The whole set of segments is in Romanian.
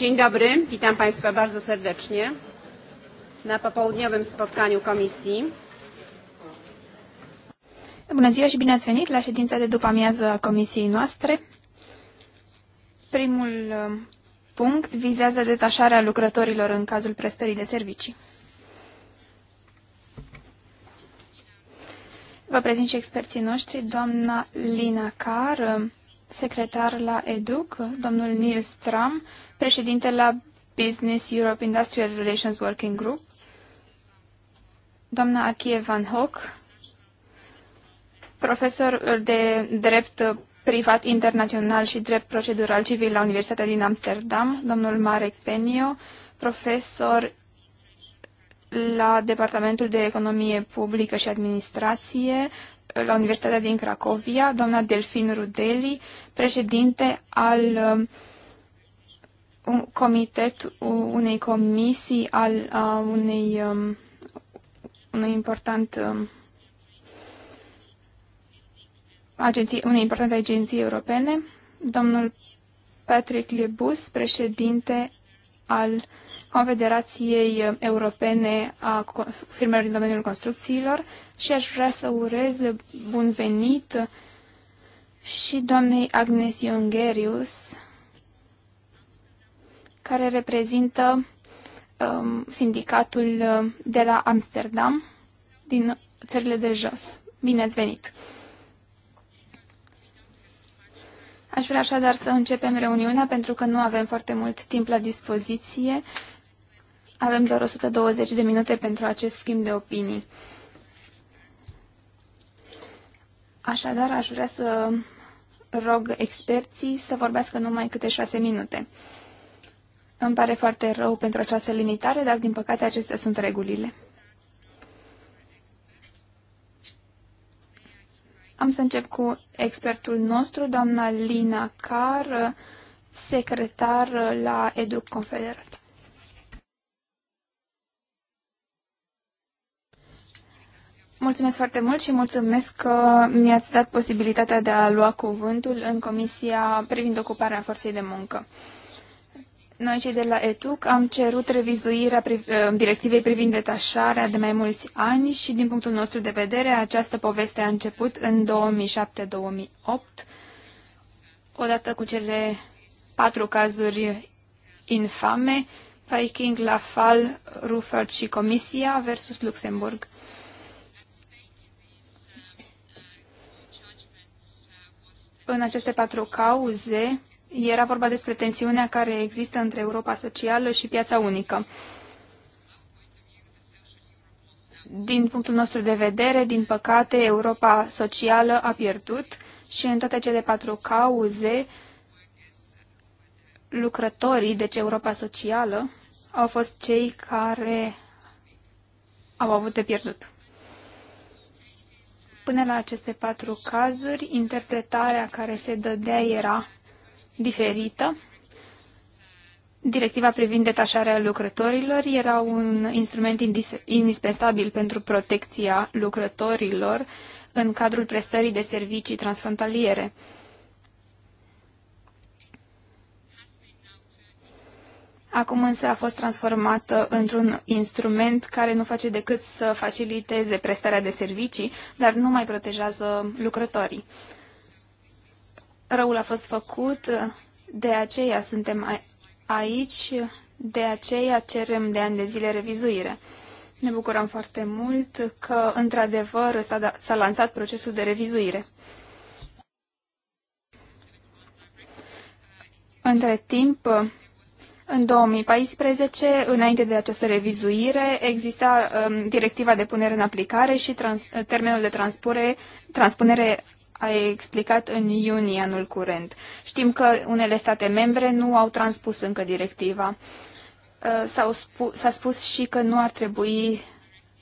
Dzień dobry, witam Państwa bardzo serdecznie na popołudniowym spotkaniu komisji. Bună ziua și bine ați venit la ședința de după amiază a comisiei noastre. Primul uh, punct vizează detașarea lucrătorilor în cazul prestării de servicii. Vă prezint și experții noștri, doamna Lina Carr, secretar la EDUC, domnul Neil Stram, președinte la Business Europe Industrial Relations Working Group, doamna Akie Van Hock, profesor de drept privat internațional și drept procedural civil la Universitatea din Amsterdam, domnul Marek Penio, profesor la Departamentul de Economie Publică și Administrație la Universitatea din Cracovia, doamna Delfin Rudeli, președinte al um, un comitet unei comisii al a unei um, unui important um, agenții, unei importante agenții europene, domnul Patrick Lebus, președinte al uh, Confederației Europene a Firmelor din domeniul construcțiilor și aș vrea să urez bun venit și doamnei Agnes Iungherius, care reprezintă um, sindicatul de la Amsterdam, din țările de jos. Bine ați venit! Aș vrea așadar să începem reuniunea pentru că nu avem foarte mult timp la dispoziție avem doar 120 de minute pentru acest schimb de opinii. Așadar, aș vrea să rog experții să vorbească numai câte șase minute. Îmi pare foarte rău pentru această limitare, dar din păcate acestea sunt regulile. Am să încep cu expertul nostru, doamna Lina Car, secretar la Educ Confederat. Mulțumesc foarte mult și mulțumesc că mi-ați dat posibilitatea de a lua cuvântul în Comisia privind ocuparea forței de muncă. Noi cei de la ETUC am cerut revizuirea eh, directivei privind detașarea de mai mulți ani și din punctul nostru de vedere această poveste a început în 2007-2008 odată cu cele patru cazuri infame, Viking, Lafal, Rufford și Comisia versus Luxemburg. în aceste patru cauze era vorba despre tensiunea care există între Europa socială și piața unică. Din punctul nostru de vedere, din păcate, Europa socială a pierdut și în toate cele patru cauze, lucrătorii, deci Europa socială, au fost cei care au avut de pierdut. Până la aceste patru cazuri, interpretarea care se dădea era diferită. Directiva privind detașarea lucrătorilor era un instrument indispensabil pentru protecția lucrătorilor în cadrul prestării de servicii transfrontaliere. Acum însă a fost transformată într-un instrument care nu face decât să faciliteze prestarea de servicii, dar nu mai protejează lucrătorii. Răul a fost făcut, de aceea suntem aici, de aceea cerem de ani de zile revizuire. Ne bucurăm foarte mult că, într-adevăr, s-a da- lansat procesul de revizuire. Între timp, în 2014, înainte de această revizuire, exista um, directiva de punere în aplicare și trans, uh, termenul de transpure, transpunere a explicat în iunie anul curent. Știm că unele state membre nu au transpus încă directiva. Uh, s-a spu, spus și că nu ar trebui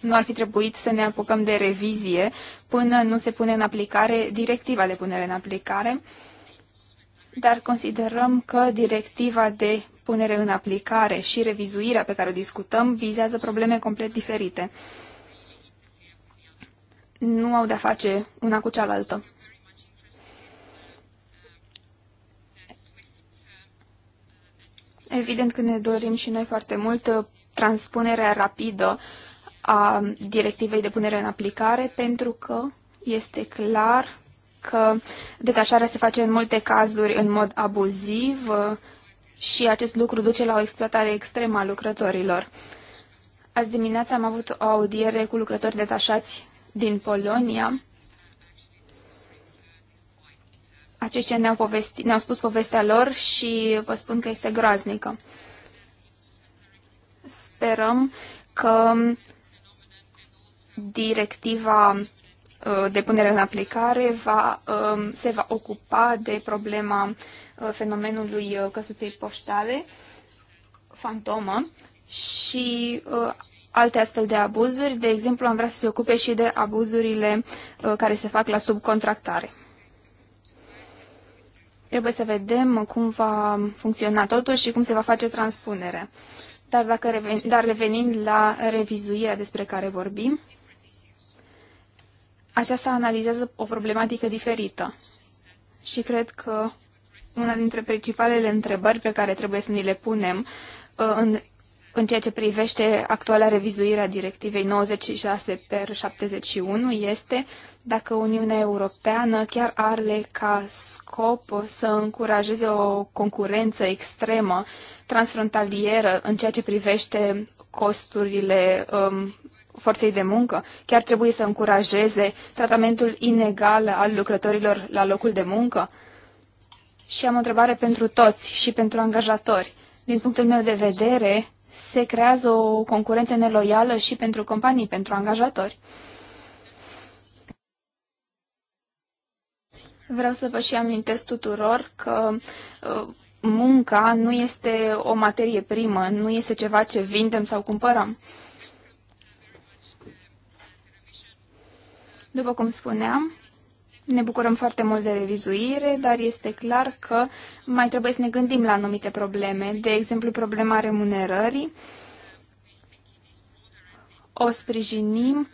nu ar fi trebuit să ne apucăm de revizie până nu se pune în aplicare directiva de punere în aplicare. Uh, dar considerăm că directiva de punere în aplicare și revizuirea pe care o discutăm vizează probleme complet diferite. Nu au de-a face una cu cealaltă. Evident că ne dorim și noi foarte mult transpunerea rapidă a directivei de punere în aplicare, pentru că este clar că detașarea se face în multe cazuri în mod abuziv uh, și acest lucru duce la o exploatare extremă a lucrătorilor. Azi dimineața am avut o audiere cu lucrători detașați din Polonia. Aceștia ne-au, povesti, ne-au spus povestea lor și vă spun că este groaznică. Sperăm că directiva Uh, de punere în aplicare va, um, se va ocupa de problema uh, fenomenului uh, căsuței poștale, fantomă, și alte astfel de abuzuri. De exemplu, am vrea să se ocupe și de abuzurile care se fac la subcontractare. Trebuie să vedem cum va funcționa totul și cum se va face transpunerea. Dar, dacă reven, dar revenind la revizuirea despre care vorbim, aceasta analizează o problematică diferită și cred că una dintre principalele întrebări pe care trebuie să ni le punem uh, în, în ceea ce privește actuala revizuire a directivei 96 per 71 este dacă Uniunea Europeană chiar are ca scop să încurajeze o concurență extremă transfrontalieră în ceea ce privește costurile um, forței de muncă chiar trebuie să încurajeze tratamentul inegal al lucrătorilor la locul de muncă? Și am o întrebare pentru toți și pentru angajatori. Din punctul meu de vedere, se creează o concurență neloială și pentru companii, pentru angajatori. Vreau să vă și amintesc tuturor că uh, munca nu este o materie primă, nu este ceva ce vindem sau cumpărăm. După cum spuneam, ne bucurăm foarte mult de revizuire, dar este clar că mai trebuie să ne gândim la anumite probleme, de exemplu problema remunerării. O sprijinim,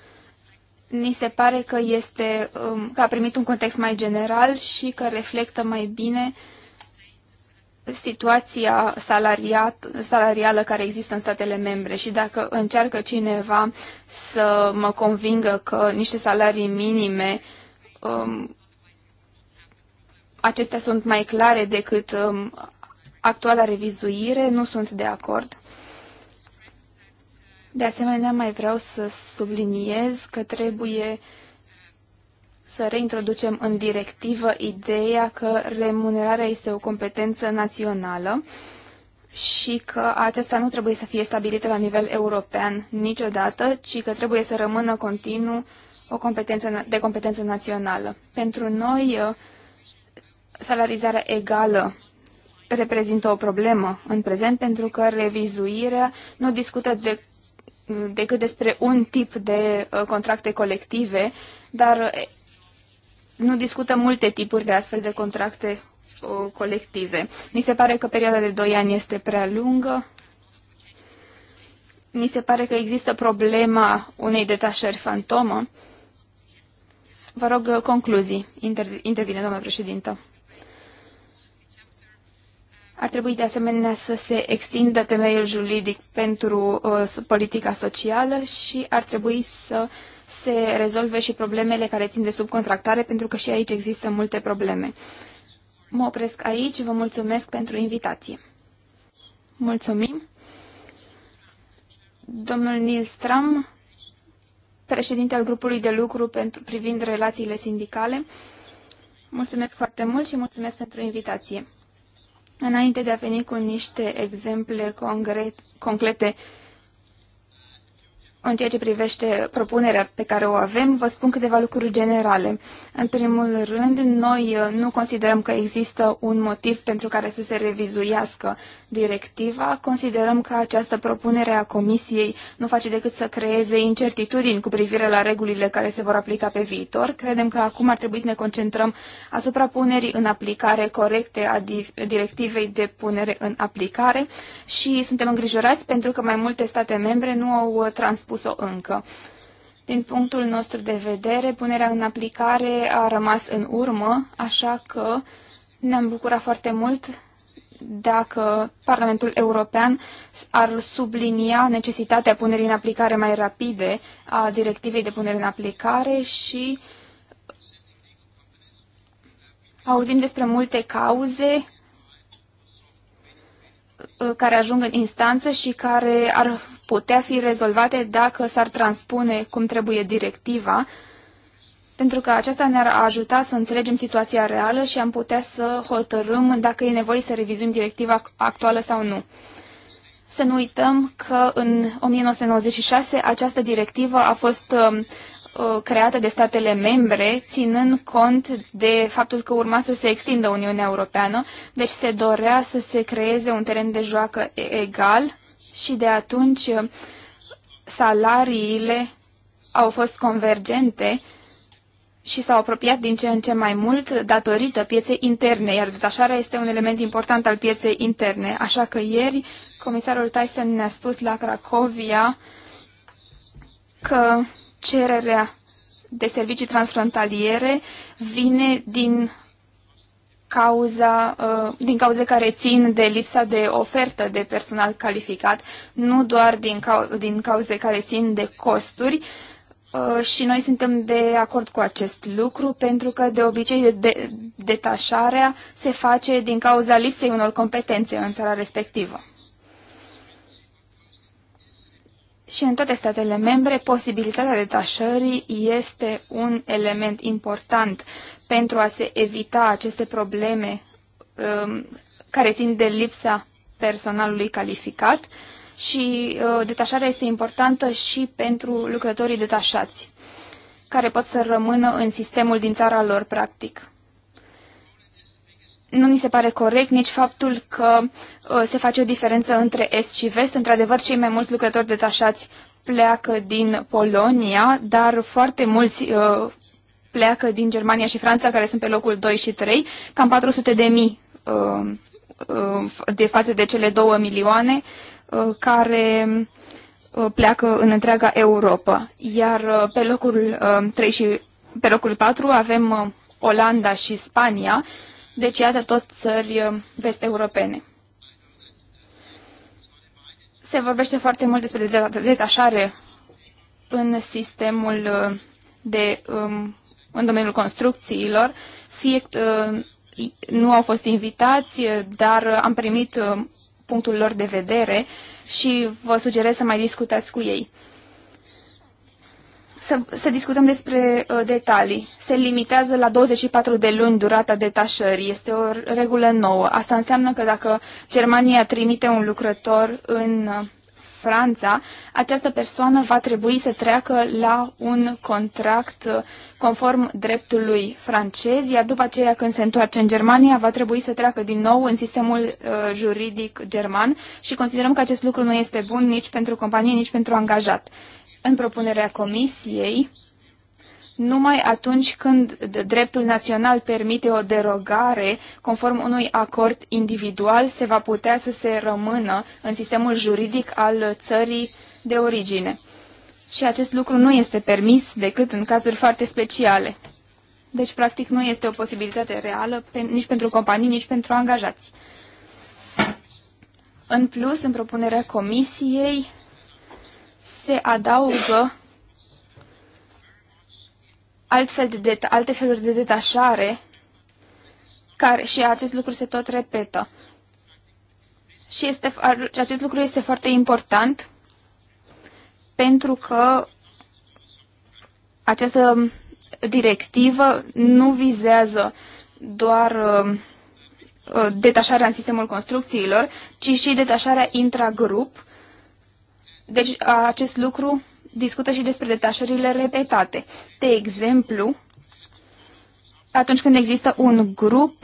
ni se pare că este um, că a primit un context mai general și că reflectă mai bine uh, situația salariat, salarială care există în statele membre și dacă încearcă cineva să mă convingă că niște salarii minime um, acestea sunt mai clare decât um, actuala revizuire, nu sunt de acord. De asemenea, mai vreau să subliniez că trebuie uh, să reintroducem în directivă ideea că remunerarea este o competență națională și că aceasta nu trebuie să fie stabilită la nivel european niciodată, ci că trebuie să rămână continuu o competență de competență națională. Pentru noi, uh, salarizarea egală reprezintă o problemă în prezent pentru că revizuirea nu discută de, decât despre un tip de uh, contracte colective, dar uh, nu discută multe tipuri de astfel de contracte colective. Mi se pare că perioada de 2 ani este prea lungă. Mi se pare că există problema unei detașări fantomă. Vă rog concluzii. Inter- intervine, domnul președinte. Ar trebui de asemenea să se extindă temeiul juridic pentru uh, politica socială și ar trebui să uh, se rezolve și problemele care țin de subcontractare, pentru că și aici există multe probleme. Mă opresc aici, vă mulțumesc pentru invitație. Mulțumim. Domnul Nils Stram, președinte al grupului de lucru pentru, privind relațiile sindicale, mulțumesc foarte mult și mulțumesc pentru invitație. Înainte de a veni cu niște exemple concrete în ceea ce privește propunerea pe care o avem, vă spun câteva lucruri generale. În primul rând, noi uh, nu considerăm că există un motiv pentru care să se revizuiască directiva. Considerăm că această propunere a Comisiei nu face decât să creeze incertitudini cu privire la regulile care se vor aplica pe viitor. Credem că acum ar trebui să ne concentrăm asupra punerii în aplicare corecte a directivei de punere în aplicare și suntem îngrijorați pentru că mai multe state membre nu au uh, transpus propus-o încă. Din punctul nostru de vedere, punerea în aplicare a rămas în urmă, așa că ne-am bucurat foarte mult dacă Parlamentul European ar sublinia necesitatea punerii în aplicare mai rapide a directivei de punere în aplicare și auzim despre multe cauze uh, care ajung în instanță și care ar putea fi rezolvate dacă s-ar transpune cum trebuie directiva, pentru că aceasta ne-ar ajuta să înțelegem situația reală și am putea să hotărâm dacă e nevoie să revizuim directiva actuală sau nu. Să nu uităm că în 1996 această directivă a fost um, uh, creată de statele membre, ținând cont de faptul că urma să se extindă Uniunea Europeană, deci se dorea să se creeze un teren de joacă egal și de atunci uh, salariile au fost convergente și s-au apropiat din ce în ce mai mult datorită pieței interne, iar detașarea este un element important al pieței interne. Așa că ieri comisarul Tyson ne-a spus la Cracovia că cererea de servicii transfrontaliere vine din cauza, uh, din cauze care țin de lipsa de ofertă de personal calificat, nu doar din, cau din cauze care țin de costuri. Uh, și noi suntem de acord cu acest lucru, pentru că de obicei de detașarea se face din cauza lipsei unor competențe în țara respectivă. Și în toate statele membre, posibilitatea detașării este un element important pentru a se evita aceste probleme um, care țin de lipsa personalului calificat și uh, detașarea este importantă și pentru lucrătorii detașați, care pot să rămână în sistemul din țara lor, practic nu ni se pare corect nici faptul că uh, se face o diferență între Est și Vest. Într-adevăr, cei mai mulți lucrători detașați pleacă din Polonia, dar foarte mulți uh, pleacă din Germania și Franța, care sunt pe locul 2 și 3, cam 400 de mii uh, uh, de față de cele 2 milioane uh, care uh, pleacă în întreaga Europa. Iar pe locul 3 și pe locul 4 avem Olanda și Spania, deci, iată tot țări uh, vest-europene. Se vorbește foarte mult despre detașare în sistemul uh, de, um, în domeniul construcțiilor. Fie uh, nu au fost invitați, dar am primit punctul lor de vedere și vă sugerez să mai discutați cu ei să, să discutăm despre uh, detalii. Se limitează la 24 de luni durata detașării. Este o regulă nouă. Asta înseamnă că dacă Germania trimite un lucrător în uh, Franța, această persoană va trebui să treacă la un contract uh, conform dreptului francez, iar după aceea când se întoarce în Germania va trebui să treacă din nou în sistemul uh, juridic german și considerăm că acest lucru nu este bun nici pentru companie, nici pentru angajat în propunerea Comisiei numai atunci când dreptul național permite o derogare conform unui acord individual, se va putea să se rămână în sistemul juridic al țării de origine. Și acest lucru nu este permis decât în cazuri foarte speciale. Deci, practic, nu este o posibilitate reală pe, nici pentru companii, nici pentru angajați. În plus, în propunerea comisiei, se adaugă altfel de alte feluri de detașare care, și acest lucru se tot repetă. Și este, acest lucru este foarte important pentru că această directivă nu vizează doar uh, uh, detașarea în sistemul construcțiilor, ci și detașarea intragrup deci acest lucru discută și despre detașările repetate. De exemplu, atunci când există un grup,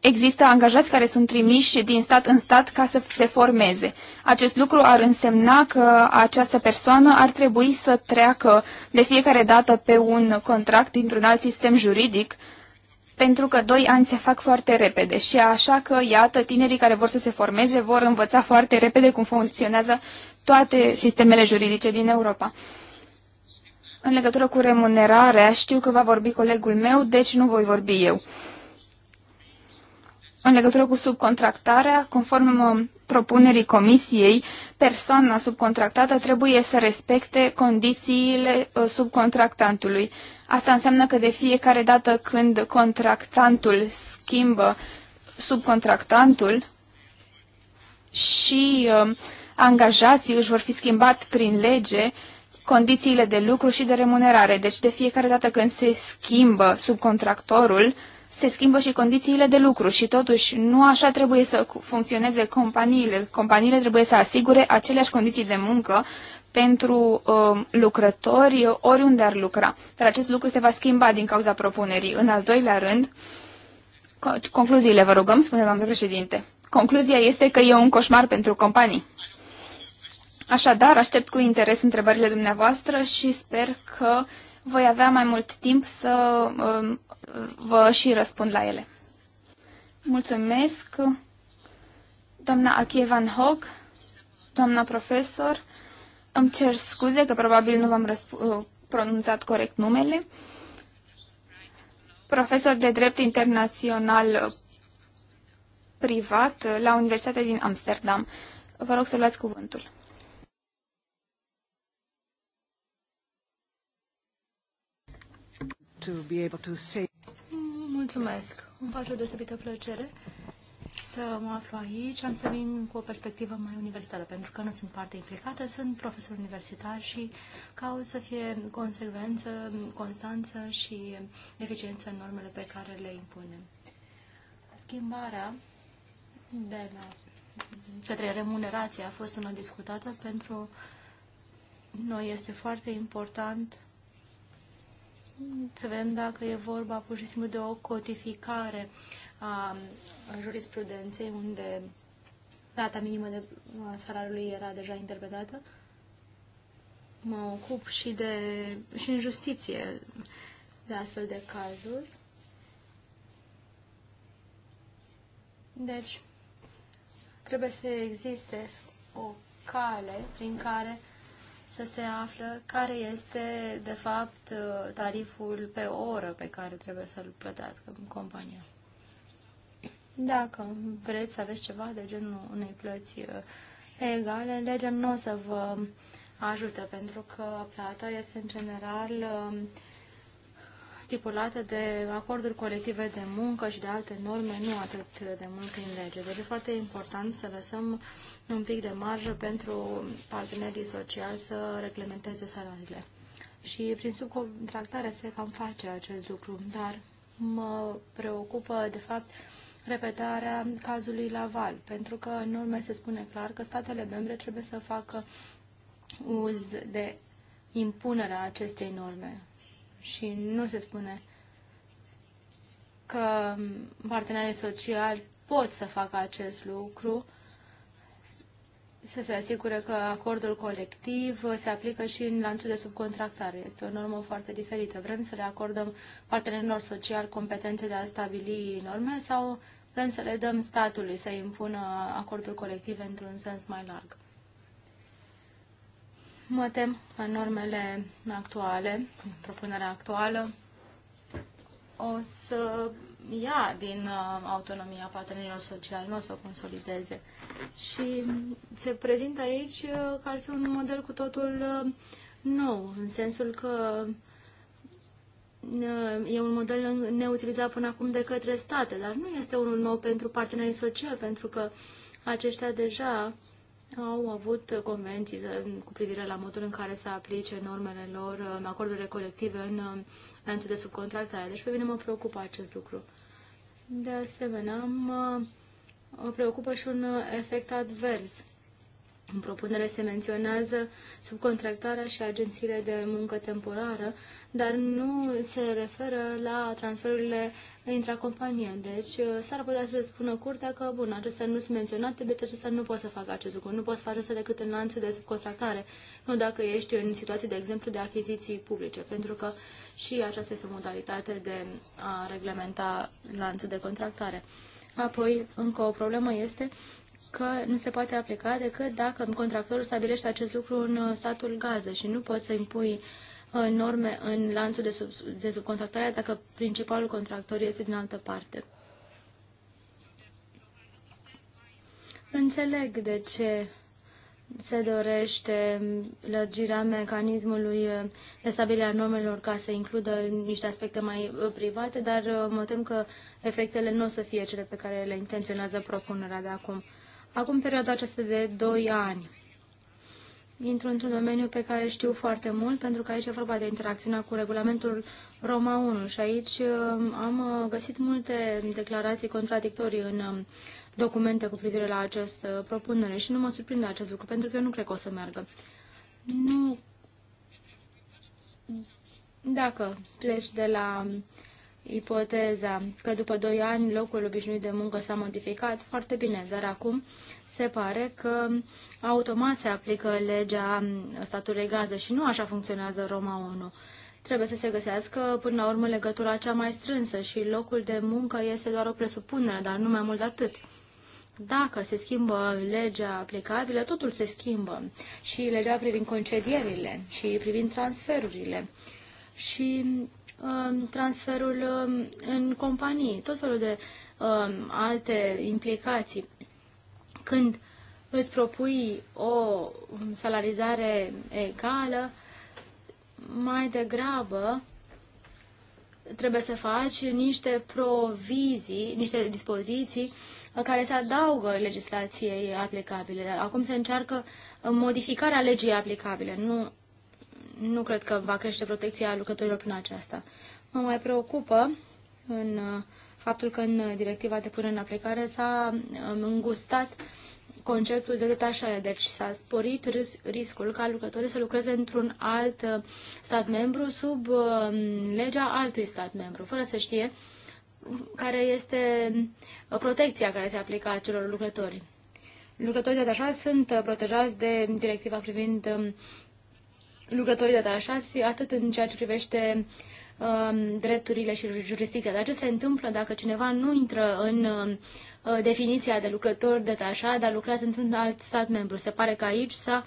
există angajați care sunt trimiși din stat în stat ca să se formeze. Acest lucru ar însemna că această persoană ar trebui să treacă de fiecare dată pe un contract dintr-un alt sistem juridic pentru că doi ani se fac foarte repede și așa că, iată, tinerii care vor să se formeze vor învăța foarte repede cum funcționează toate sistemele juridice din Europa. În legătură cu remunerarea, știu că va vorbi colegul meu, deci nu voi vorbi eu. În legătură cu subcontractarea, conform uh, propunerii comisiei, persoana subcontractată trebuie să respecte condițiile uh, subcontractantului. Asta înseamnă că de fiecare dată când contractantul schimbă subcontractantul și uh, angajații își vor fi schimbat prin lege condițiile de lucru și de remunerare. Deci de fiecare dată când se schimbă subcontractorul, uh, se schimbă și condițiile de lucru și totuși nu așa trebuie să funcționeze companiile. Companiile trebuie să asigure aceleași condiții de muncă pentru uh, lucrători oriunde ar lucra. Dar acest lucru se va schimba din cauza propunerii. În al doilea rând, concluziile vă rugăm, spune doamnă președinte. Concluzia este că e un coșmar pentru companii. Așadar, aștept cu interes întrebările dumneavoastră și sper că voi avea mai mult timp să uh, vă și răspund la ele. Mulțumesc, doamna Achie Van Hock, doamna profesor. Îmi cer scuze că probabil nu v-am uh, pronunțat corect numele. Profesor de drept internațional privat la Universitatea din Amsterdam. Vă rog să luați cuvântul. to be able to say... Mulțumesc. Îmi face o deosebită plăcere să mă aflu aici. Am să vin cu o perspectivă mai universală pentru că nu sunt parte implicată, sunt profesor universitar și caut să fie consecvență, constanță și eficiență în normele pe care le impunem. Schimbarea de la către remunerație a fost una discutată pentru noi este foarte important să vedem dacă e vorba pur și simplu de o codificare a jurisprudenței unde rata minimă de salariului era deja interpretată. Mă ocup și, de, și în justiție de astfel de cazuri. Deci, trebuie să existe o cale prin care să se află care este, de fapt, uh, tariful pe oră pe care trebuie să-l plătească compania. Dacă vreți să aveți ceva de genul unei plăți uh, egale, legea nu o să vă ajute, pentru că plata este, în general, uh, stipulată de acorduri colective de muncă și de alte norme, nu atât de mult prin lege. Deci e foarte important să lăsăm un pic de marjă pentru partenerii sociali să reglementeze salariile. Și prin subcontractare se cam face acest lucru, dar mă preocupă, de fapt, repetarea cazului Laval, pentru că în norme se spune clar că statele membre trebuie să facă uz de impunerea acestei norme și nu se spune că partenerii sociali pot să facă acest lucru, să se asigure că acordul colectiv se aplică și în lanțul de subcontractare. Este o normă foarte diferită. Vrem să le acordăm partenerilor sociali competențe de a stabili norme sau vrem să le dăm statului să impună acordul colectiv într-un sens mai larg? Mă tem că normele actuale, propunerea actuală, o să ia din uh, autonomia partenerilor sociali, nu o să o consolideze. Și se prezintă aici uh, că ar fi un model cu totul uh, nou, în sensul că e un model neutilizat până acum de către state, dar nu este unul nou pentru partenerii sociali, pentru că aceștia deja au avut convenții cu privire la modul în care să aplice normele lor, um, acordurile colective în um, lanțul de subcontractare. Deci pe mine mă preocupă acest lucru. De asemenea, mă preocupă și un uh, efect advers. În propunere se menționează subcontractarea și agențiile de muncă temporară, dar nu se referă la transferurile intracompanie. Deci uh, s-ar putea să spună curtea că, bun, acestea nu sunt menționate, deci acestea nu pot să facă acest lucru. Nu poți face asta decât în lanțul de subcontractare, nu dacă ești în situații, de exemplu, de achiziții publice, pentru că și aceasta este o modalitate de a reglementa lanțul de contractare. Apoi, încă o problemă este că nu se poate aplica decât dacă contractorul stabilește acest lucru în uh, statul gază și nu poți să impui uh, norme în lanțul de, sub, de subcontractare dacă principalul contractor este din altă parte. Înțeleg de ce se dorește lărgirea mecanismului de stabilire a normelor ca să includă niște aspecte mai uh, private, dar mă tem că efectele nu o să fie cele pe care le intenționează propunerea de acum. Acum perioada aceasta de 2 ani. Intru într-un domeniu pe care știu foarte mult, pentru că aici e vorba de interacțiunea cu regulamentul Roma 1 și aici um, am uh, găsit multe declarații contradictorii în um, documente cu privire la această propunere și nu mă surprinde acest lucru, pentru că eu nu cred că o să meargă. Nu. Dacă pleci de la um, ipoteza că după 2 ani locul obișnuit de muncă s-a modificat foarte bine, dar acum se pare că automat se aplică legea statului gază și nu așa funcționează Roma 1. Trebuie să se găsească până la urmă legătura cea mai strânsă și locul de muncă este doar o presupunere, dar nu mai mult de atât. Dacă se schimbă legea aplicabilă, totul se schimbă și legea privind concedierile și privind transferurile. Și Um, transferul um, în companii, tot felul de um, alte implicații. Când îți propui o salarizare egală, mai degrabă trebuie să faci niște provizii, niște dispoziții uh, care se adaugă legislației aplicabile. Acum se încearcă modificarea legii aplicabile, nu nu cred că va crește protecția lucrătorilor prin aceasta. Mă mai preocupă în uh, faptul că în directiva de punere în aplicare s-a um, îngustat conceptul de detașare, deci s-a sporit ris riscul ca lucrătorii să lucreze într-un alt uh, stat membru sub uh, legea altui stat membru, fără să știe care este protecția care se aplică acelor lucrători. Lucrătorii detașați sunt protejați de directiva privind um, lucrătorii detașați, atât în ceea ce privește um, drepturile și jurisdicția. Dar ce se întâmplă dacă cineva nu intră în uh, definiția de lucrător detașat, dar lucrează într-un alt stat membru? Se pare că aici s-a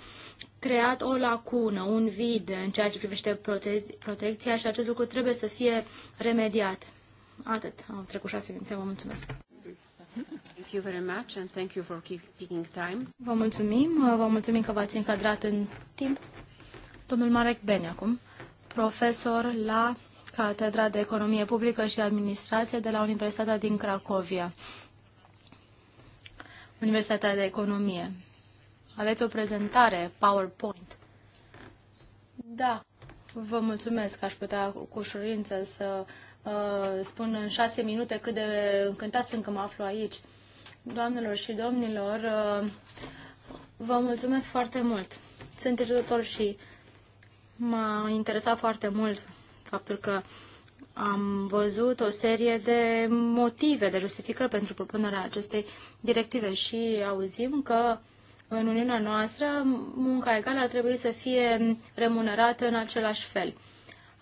creat o lacună, un vid în ceea ce privește prote- protecția și acest lucru trebuie să fie remediat. Atât. Au trecut șase minute. Vă mulțumesc. Thank you very much and thank you for keeping time. Vă mulțumim. Vă mulțumim că v-ați încadrat în timp. Domnul Marek Beni acum, profesor la Catedra de Economie Publică și Administrație de la Universitatea din Cracovia. Universitatea de Economie. Aveți o prezentare PowerPoint. Da, vă mulțumesc că aș putea cu ușurință să uh, spun în șase minute cât de încântat sunt că mă aflu aici. Doamnelor și domnilor, uh, vă mulțumesc foarte mult. Sunt judecător și uh, m-a interesat foarte mult faptul că am văzut o serie de motive, de justificări pentru propunerea acestei directive și auzim că în Uniunea noastră munca egală ar trebui să fie remunerată în același fel.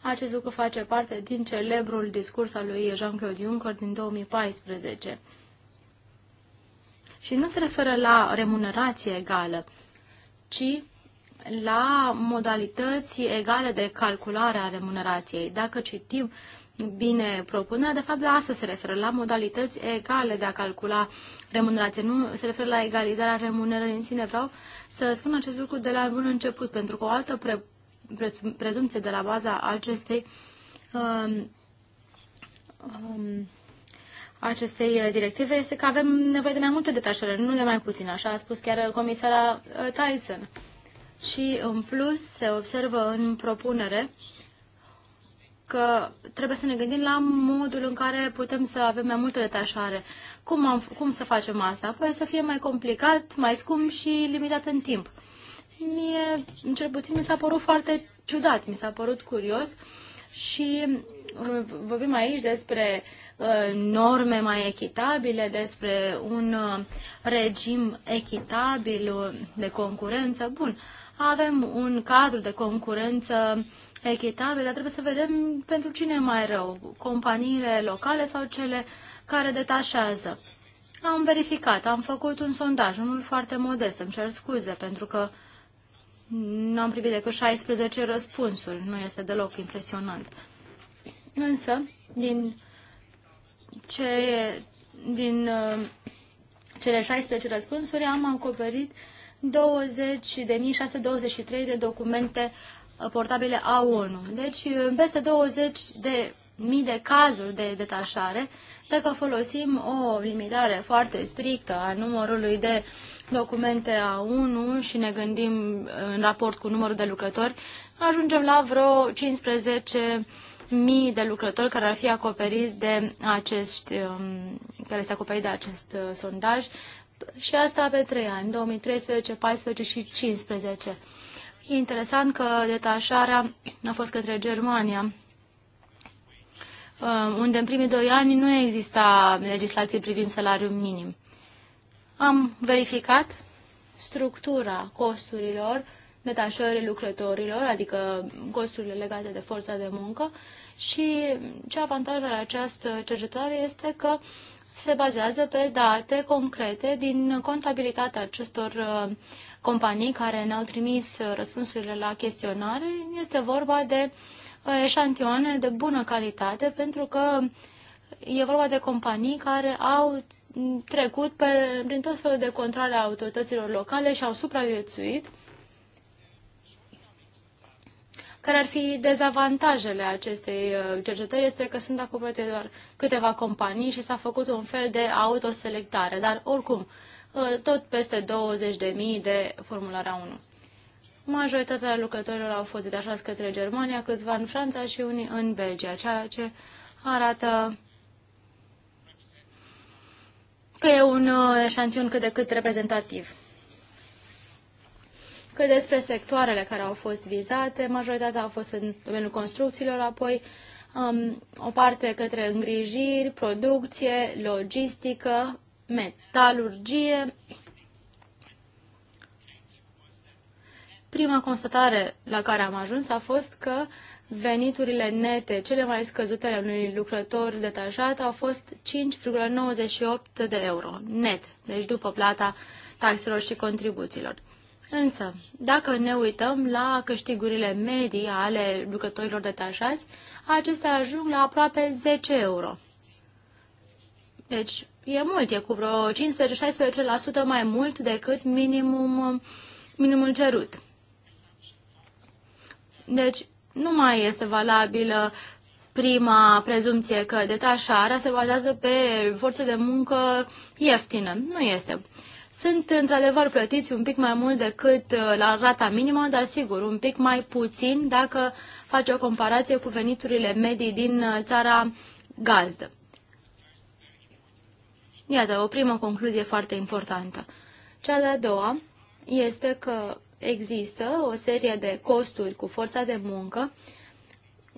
Acest lucru face parte din celebrul discurs al lui Jean-Claude Juncker din 2014. Și nu se referă la remunerație egală, ci la modalități egale de calculare a remunerației. Dacă citim bine propunerea, de fapt la asta se referă, la modalități egale de a calcula remunerație. Nu se referă la egalizarea remunerării în sine. Vreau să spun acest lucru de la bun început, pentru că o altă pre, prezumție de la baza acestei um, um, acestei uh, directive este că avem nevoie de mai multe detașări, nu de mai puține. așa a spus chiar comisara uh, Tyson și, în plus, se observă în propunere că trebuie să ne gândim la modul în care putem să avem mai multă detașare. Cum, am, cum să facem asta? Păi să fie mai complicat, mai scump și limitat în timp. Mie, cel puțin, mi s-a părut foarte ciudat, mi s-a părut curios și uh, vorbim aici despre uh, norme mai echitabile, despre un uh, regim echitabil uh, de concurență. Bun, avem un cadru de concurență echitabil, dar trebuie să vedem pentru cine e mai rău, companiile locale sau cele care detașează. Am verificat, am făcut un sondaj, unul foarte modest, îmi cer scuze, pentru că nu am privit decât 16 răspunsuri, nu este deloc impresionant. Însă, din, ce, din uh, cele 16 răspunsuri am acoperit 20.623 de documente uh, portabile a ONU. Deci uh, peste 20 de mii de cazuri de detașare, dacă folosim o limitare foarte strictă a numărului de documente a 1 și ne gândim uh, în raport cu numărul de lucrători, ajungem la vreo 15 mii de lucrători care ar fi acoperiți de acest, um, care se acoperi de acest sondaj și asta pe trei ani, 2013, 14 și 15. E interesant că detașarea a fost către Germania, uh, unde în primii doi ani nu exista legislație privind salariul minim. Am verificat structura costurilor detașării lucrătorilor, adică costurile legate de forța de muncă și ce avantaj are această cercetare este că uh, se bazează pe date concrete din contabilitatea acestor uh, companii care ne-au trimis uh, răspunsurile la chestionare. Este vorba de uh, eșantioane de bună calitate pentru că e vorba de companii care au trecut pe, prin tot felul de controle a autorităților locale și au supraviețuit care ar fi dezavantajele acestei uh, cercetări este că sunt acoperite doar câteva companii și s-a făcut un fel de autoselectare, dar oricum, uh, tot peste 20.000 de formulare 1. Majoritatea lucrătorilor au fost detașați către Germania, câțiva în Franța și unii în Belgia, ceea ce arată că e un uh, eșantion cât de cât reprezentativ că despre sectoarele care au fost vizate, majoritatea au fost în domeniul construcțiilor, apoi um, o parte către îngrijiri, producție, logistică, metalurgie. Prima constatare la care am ajuns a fost că veniturile nete cele mai scăzute ale unui lucrător detașat au fost 5,98 de euro net, deci după plata taxelor și contribuțiilor. Însă, dacă ne uităm la câștigurile medii ale lucrătorilor detașați, acestea ajung la aproape 10 euro. Deci, e mult, e cu vreo 15-16% mai mult decât minimum, minimul cerut. Deci, nu mai este valabilă prima prezumție că detașarea se bazează pe forță de muncă ieftină. Nu este sunt într-adevăr plătiți un pic mai mult decât uh, la rata minimă, dar sigur, un pic mai puțin dacă faci o comparație cu veniturile medii din uh, țara gazdă. Iată, o primă concluzie foarte importantă. Cea de-a doua este că există o serie de costuri cu forța de muncă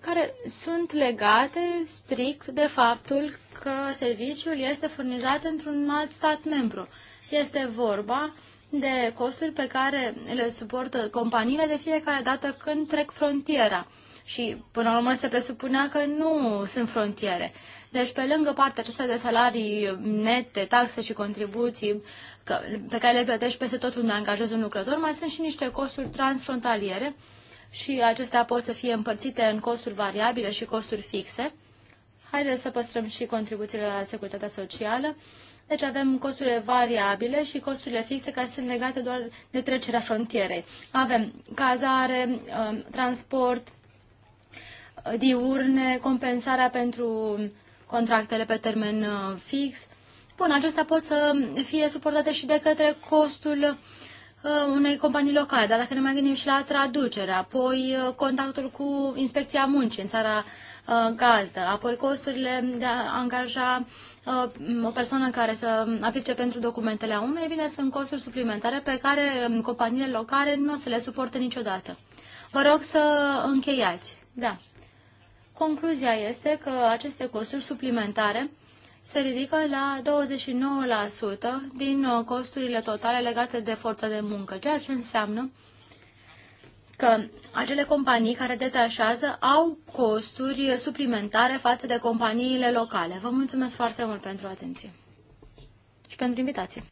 care sunt legate strict de faptul că serviciul este furnizat într-un alt stat membru. Este vorba de costuri pe care le suportă companiile de fiecare dată când trec frontiera. Și până la urmă se presupunea că nu sunt frontiere. Deci pe lângă partea aceasta de salarii nete, taxe și contribuții că, pe care le plătești peste tot unde angajezi un lucrător, mai sunt și niște costuri transfrontaliere și acestea pot să fie împărțite în costuri variabile și costuri fixe. Haideți să păstrăm și contribuțiile la securitatea socială. Deci avem costurile variabile și costurile fixe care sunt legate doar de trecerea frontierei. Avem cazare, um, transport, uh, diurne, compensarea pentru contractele pe termen uh, fix. Bun, acestea pot să fie suportate și de către costul uh, unei companii locale, dar dacă ne mai gândim și la traducere, apoi contactul cu inspecția muncii în țara Uh, gazdă. Apoi costurile de a angaja uh, o persoană care să aplice pentru documentele a unei, bine, sunt costuri suplimentare pe care um, companiile locale nu o să le suporte niciodată. Vă rog să încheiați. Da. Concluzia este că aceste costuri suplimentare se ridică la 29% din uh, costurile totale legate de forța de muncă, ceea ce înseamnă că acele companii care detașează au costuri suplimentare față de companiile locale. Vă mulțumesc foarte mult pentru atenție și pentru invitație.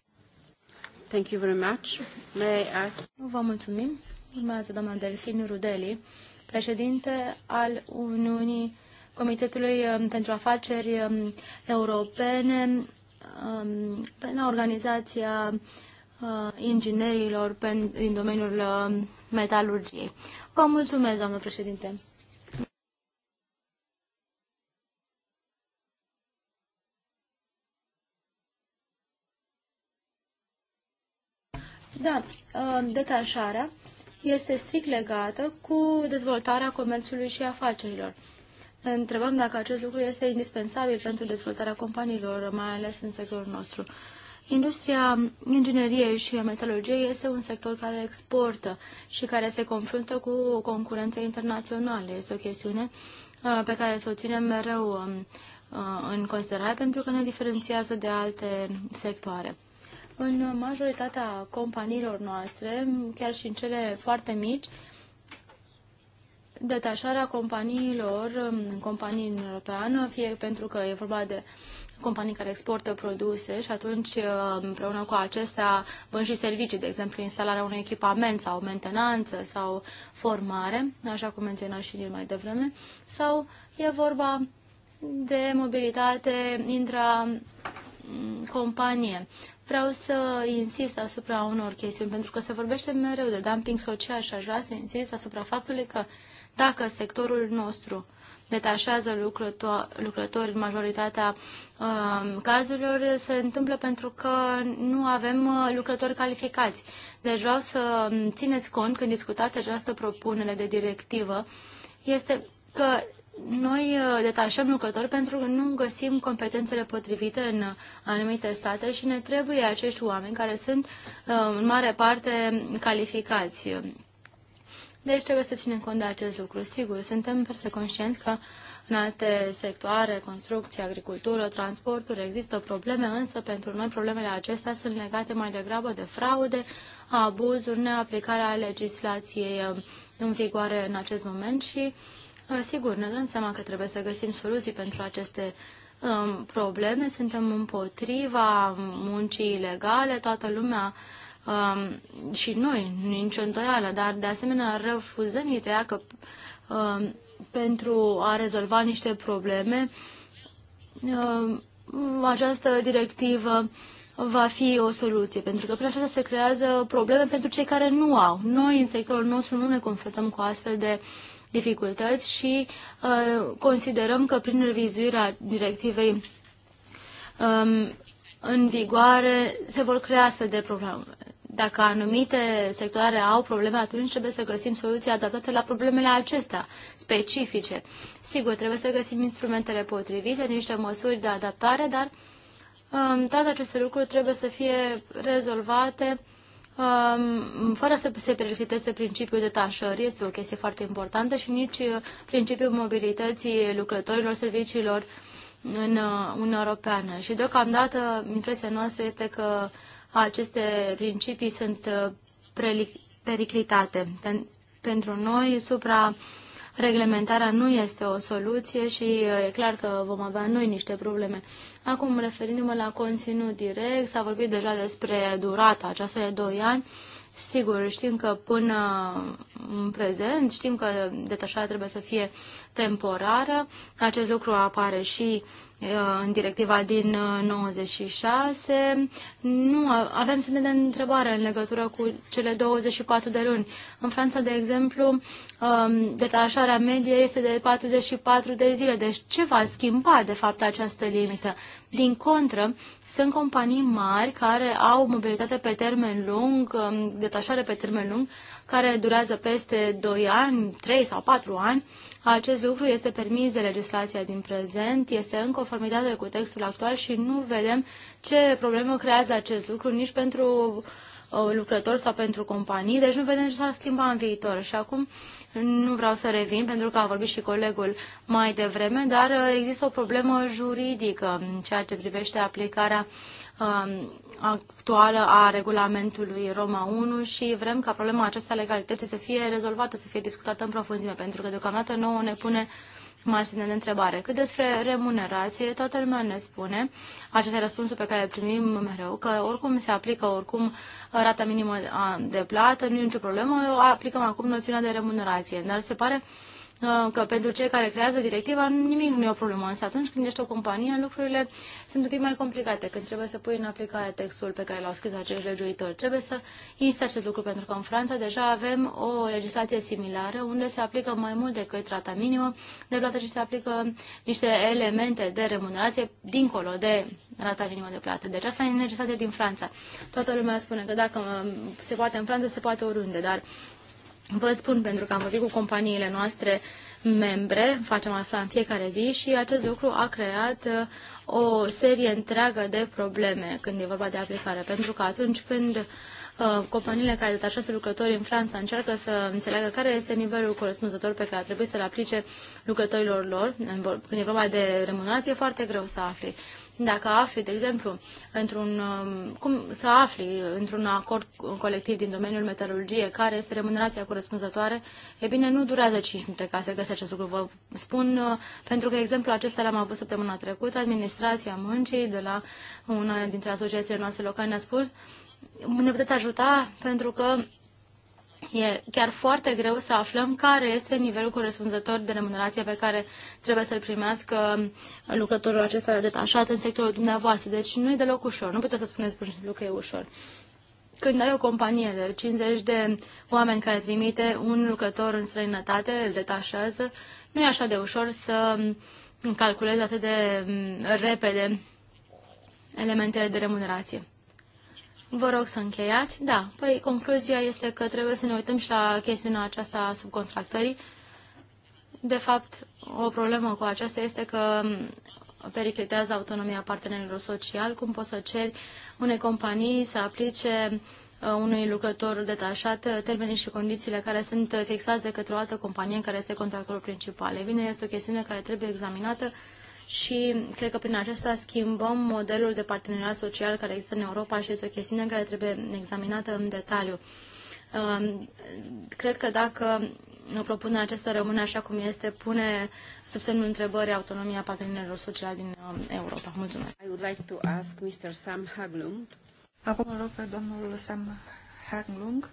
Thank you very much. May I ask... Vă mulțumim. Urmează doamna Delfin Rudeli, președinte al Uniunii Comitetului um, pentru Afaceri um, Europene um, la organizația Uh, inginerilor din domeniul uh, metalurgiei. Vă mulțumesc, doamnă președinte. Da, uh, detașarea este strict legată cu dezvoltarea comerțului și afacerilor. întrebăm dacă acest lucru este indispensabil pentru dezvoltarea companiilor, mai ales în sectorul nostru. Industria ingineriei și a metalurgiei este un sector care exportă și care se confruntă cu concurență internațională. Este o chestiune uh, pe care să o ținem mereu um, uh, în considerare pentru că ne diferențiază de alte sectoare. În majoritatea companiilor noastre, chiar și în cele foarte mici, detașarea companiilor um, în companii în europeană, fie pentru că e vorba de uh, companii care exportă produse și atunci uh, împreună cu acestea vând și servicii, de exemplu instalarea unui echipament sau mentenanță sau formare, așa cum menționa și el mai devreme, sau e vorba de mobilitate intra mm, companie. Vreau să insist asupra unor chestiuni, pentru că se vorbește mereu de dumping social și aș vrea să insist asupra faptului că dacă sectorul nostru uh, detașează lucrător, lucrători în majoritatea uh, cazurilor se întâmplă pentru că nu avem uh, lucrători calificați. Deci vreau să um, țineți cont când discutați această propunere de directivă este că noi uh, detașăm lucrători pentru că nu găsim competențele potrivite în anumite state și ne trebuie acești oameni care sunt uh, în mare parte calificați. Deci trebuie să ținem cont de acest lucru. Sigur, suntem perfect conștienți că în alte sectoare, construcție, agricultură, transporturi, există probleme, însă pentru noi problemele acestea sunt legate mai degrabă de fraude, abuzuri, neaplicarea legislației uh, în vigoare în acest moment și, uh, sigur, ne dăm seama că trebuie să găsim soluții pentru aceste um, probleme, suntem împotriva muncii ilegale, toată lumea um, și noi, nicio întoială, dar de asemenea refuzăm ideea că um, pentru a rezolva niște probleme, um, această directivă va fi o soluție, pentru că prin aceasta se creează probleme pentru cei care nu au. Noi, în sectorul nostru, nu ne confruntăm cu astfel de dificultăți și uh, considerăm că prin revizuirea directivei um, în vigoare se vor crea astfel de probleme dacă anumite sectoare au probleme, atunci trebuie să găsim soluții adaptate la problemele acestea, specifice. Sigur, trebuie să găsim instrumentele potrivite, niște măsuri de adaptare, dar um, toate aceste lucruri trebuie să fie rezolvate um, fără să se prioriteze principiul detașării, este o chestie foarte importantă, și nici uh, principiul mobilității lucrătorilor, serviciilor în uh, Uniunea Europeană. Și deocamdată impresia noastră este că aceste principii sunt uh, periclitate. Pentru noi, supra reglementarea nu este o soluție și uh, e clar că vom avea noi niște probleme. Acum, referindu-mă la conținut direct, s-a vorbit deja despre durata aceasta de 2 ani. Sigur, știm că până în prezent, știm că detașarea trebuie să fie temporară. Acest lucru apare și Uh, în directiva din 96. Uh, nu, avem semne de întrebare în legătură cu cele 24 de luni. În Franța, de exemplu, um, detașarea medie este de 44 de zile. Deci ce va schimba, de fapt, această limită? Din contră, sunt companii mari care au mobilitate pe termen lung, um, detașare pe termen lung, care durează peste 2 ani, 3 sau 4 ani, acest lucru este permis de legislația din prezent, este în conformitate cu textul actual și nu vedem ce problemă creează acest lucru nici pentru uh, lucrători sau pentru companii, deci nu vedem ce s-ar schimba în viitor. Și acum nu vreau să revin, pentru că a vorbit și colegul mai devreme, dar uh, există o problemă juridică în ceea ce privește aplicarea um, actuală a regulamentului Roma 1 și vrem ca problema aceasta legalității să fie rezolvată, să fie discutată în profunzime, pentru că deocamdată nouă ne pune mari semne de întrebare. Cât despre remunerație, toată lumea ne spune, acesta e răspunsul pe care îl primim mereu, că oricum se aplică oricum rata minimă de plată, nu e nicio problemă, aplicăm acum noțiunea de remunerație. Dar se pare Uh, că pentru cei care creează directiva nimic nu e o problemă, însă atunci când ești o companie, lucrurile sunt un pic mai complicate, când trebuie să pui în aplicare textul pe care l-au scris acești legiuitori. Trebuie să insiste acest lucru, pentru că în Franța deja avem o legislație similară, unde se aplică mai mult decât rata minimă de plată și se aplică niște elemente de remunerație dincolo de rata minimă de plată. Deci asta e legislație din Franța. Toată lumea spune că dacă se poate în Franța, se poate oriunde, dar Vă spun pentru că am vorbit cu companiile noastre membre, facem asta în fiecare zi și acest lucru a creat uh, o serie întreagă de probleme când e vorba de aplicare, pentru că atunci când uh, companiile care detașează lucrători în Franța încearcă să înțeleagă care este nivelul corespunzător pe care trebuie să-l aplice lucrătorilor lor. Când e vorba de remunerație, e foarte greu să afli. Dacă afli, de exemplu, într-un, um, cum să afli într-un acord colectiv din domeniul metalurgie care este remunerația corespunzătoare, e bine, nu durează 5 minute ca să găsești acest lucru. Vă spun, uh, pentru că exemplul acesta l-am avut săptămâna trecută, administrația muncii de la una dintre asociațiile noastre locale ne-a spus, ne puteți ajuta pentru că E chiar foarte greu să aflăm care este nivelul corespunzător de remunerație pe care trebuie să-l primească lucrătorul acesta detașat în sectorul dumneavoastră. Deci nu e deloc ușor. Nu puteți să spuneți pur și simplu că e ușor. Când ai o companie de 50 de oameni care trimite un lucrător în străinătate, îl detașează, nu e așa de ușor să calculezi atât de mm, repede elementele de remunerație. Vă rog să încheiați. Da, păi concluzia este că trebuie să ne uităm și la chestiunea aceasta a subcontractării. De fapt, o problemă cu aceasta este că periclitează autonomia partenerilor sociali. Cum poți să ceri unei companii să aplice uh, unui lucrător detașat uh, termenii și condițiile care sunt fixate de către o altă companie care este contractorul principal. E bine, este o chestiune care trebuie examinată și cred că prin acesta schimbăm modelul de parteneriat social care există în Europa și este o chestiune care trebuie examinată în detaliu. Um, cred că dacă propunerea aceasta rămâne așa cum este, pune sub semnul întrebării autonomia partenerilor sociale din um, Europa. Mulțumesc. I would like to ask Mr. Sam Haglund. Acum rog pe domnul Sam Haglund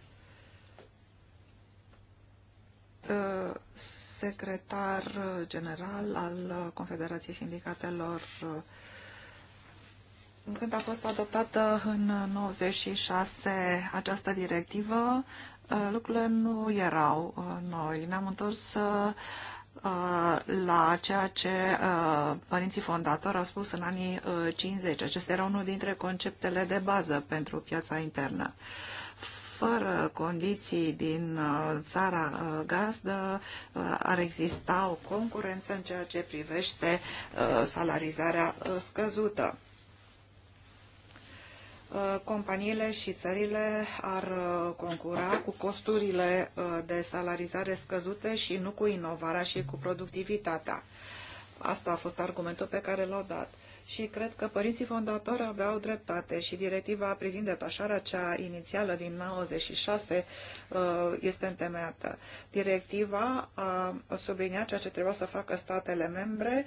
Uh, secretar general al uh, Confederației Sindicatelor uh, când a fost adoptată în 96 această directivă, lucrurile nu erau noi. Ne-am întors la ceea ce părinții fondatori au spus în anii 50. Acesta era unul dintre conceptele de bază pentru piața internă fără condiții din uh, țara uh, gazdă uh, ar exista o concurență în ceea ce privește salarizarea scăzută companiile și țările ar concura cu costurile de salarizare scăzute și nu cu inovarea și cu productivitatea. Asta a fost argumentul pe care l-au dat și cred că părinții fondatori aveau dreptate și directiva privind detașarea cea inițială din 96 uh, este întemeiată. Directiva a subliniat ceea ce trebuia să facă statele membre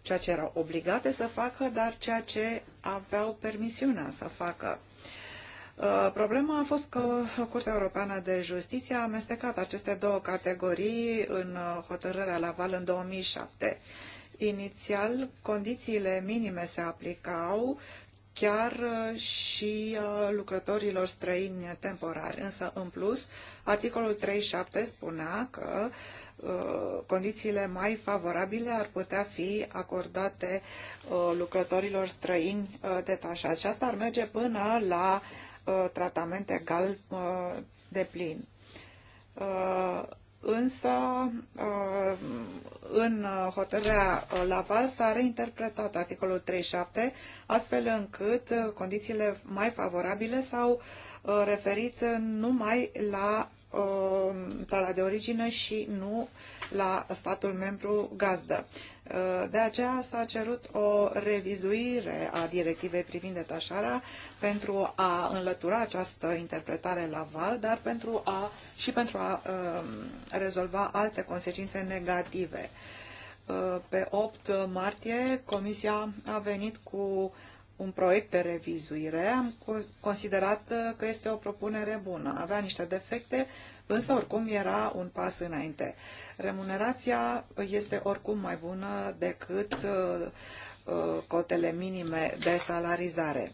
ceea ce erau obligate să facă, dar ceea ce aveau permisiunea să facă. Uh, problema a fost că Curtea Europeană de Justiție a amestecat aceste două categorii în uh, hotărârea la val în 2007 inițial condițiile minime se aplicau chiar uh, și uh, lucrătorilor străini temporari. Însă, în plus, articolul 37 spunea că uh, condițiile mai favorabile ar putea fi acordate lucrătorilor străini detașați. Și asta ar merge până la tratament egal de plin însă uh, în hotărârea uh, Laval s-a reinterpretat articolul 37 astfel încât uh, condițiile mai favorabile s-au referit numai la Um, țara de origine și nu la statul membru gazdă. Uh, de aceea s-a cerut o revizuire a directivei privind detașarea pentru a înlătura această interpretare la val, dar pentru a, și pentru a um, rezolva alte consecințe negative. Uh, pe 8 martie, Comisia a venit cu un proiect de revizuire, am considerat uh, că este o propunere bună. Avea niște defecte, însă oricum era un pas înainte. Remunerația este oricum mai bună decât uh, uh, cotele minime de salarizare.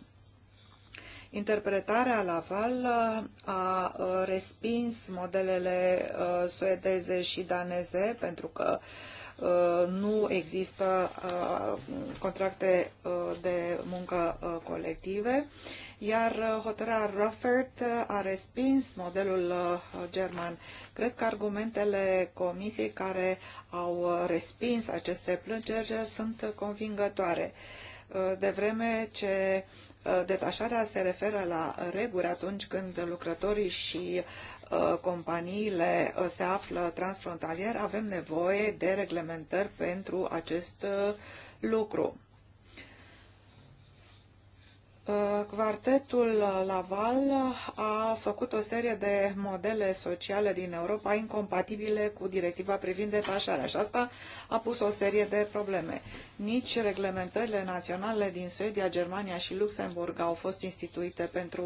Interpretarea la val a respins modelele suedeze și daneze pentru că uh, Uh, nu există uh, contracte uh, de muncă colective, iar hotărârea Ruffert a respins modelul german. Cred că argumentele comisiei care au respins aceste plângeri sunt convingătoare. De vreme ce detașarea se referă la reguli atunci când lucrătorii și Uh, companiile uh, se află transfrontalier, avem nevoie de reglementări pentru acest uh, lucru. Uh, Quartetul Laval a făcut o serie de modele sociale din Europa incompatibile cu directiva privind detașarea și asta a pus o serie de probleme. Nici reglementările naționale din Suedia, Germania și Luxemburg au fost instituite pentru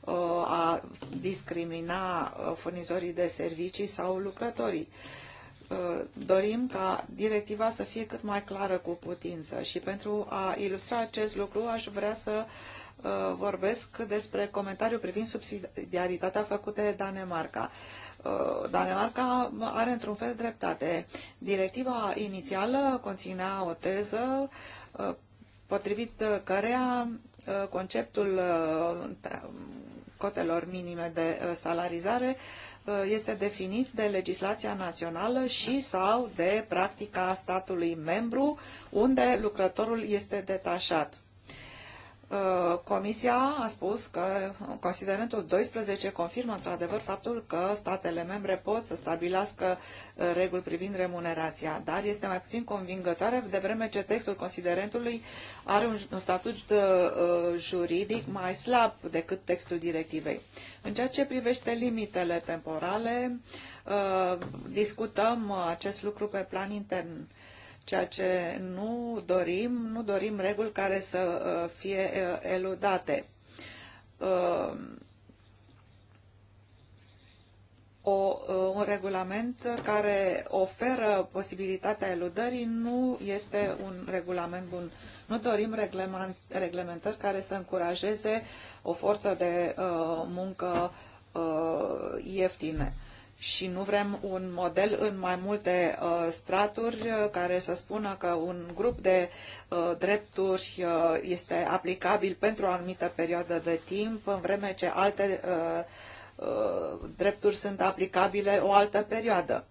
uh, a discrimina uh, furnizorii de servicii sau lucrătorii. Uh, dorim ca directiva să fie cât mai clară cu putință și pentru a ilustra acest lucru aș vrea să uh, vorbesc despre comentariul privind subsidiaritatea făcută de Danemarca. Uh, Danemarca are într-un fel dreptate. Directiva inițială conținea o teză potrivit cărea conceptul cotelor minime de salarizare este definit de legislația națională și sau de practica statului membru unde lucrătorul este detașat. Uh, comisia a spus că considerentul 12 confirmă într-adevăr faptul că statele membre pot să stabilească uh, reguli privind remunerația, dar este mai puțin convingătoare de vreme ce textul considerentului are un statut uh, juridic mai slab decât textul directivei. În ceea ce privește limitele temporale, discutăm acest lucru pe plan intern ceea ce nu dorim, nu dorim reguli care să uh, fie uh, eludate. Uh, o, un regulament care oferă posibilitatea eludării nu este un regulament bun. Nu dorim reglement, reglementări care să încurajeze o forță de uh, muncă uh, ieftine și nu vrem un model în mai multe uh, straturi uh, care să spună că un grup de uh, drepturi uh, este aplicabil pentru o anumită perioadă de timp, în vreme ce alte uh, uh, drepturi sunt aplicabile o altă perioadă.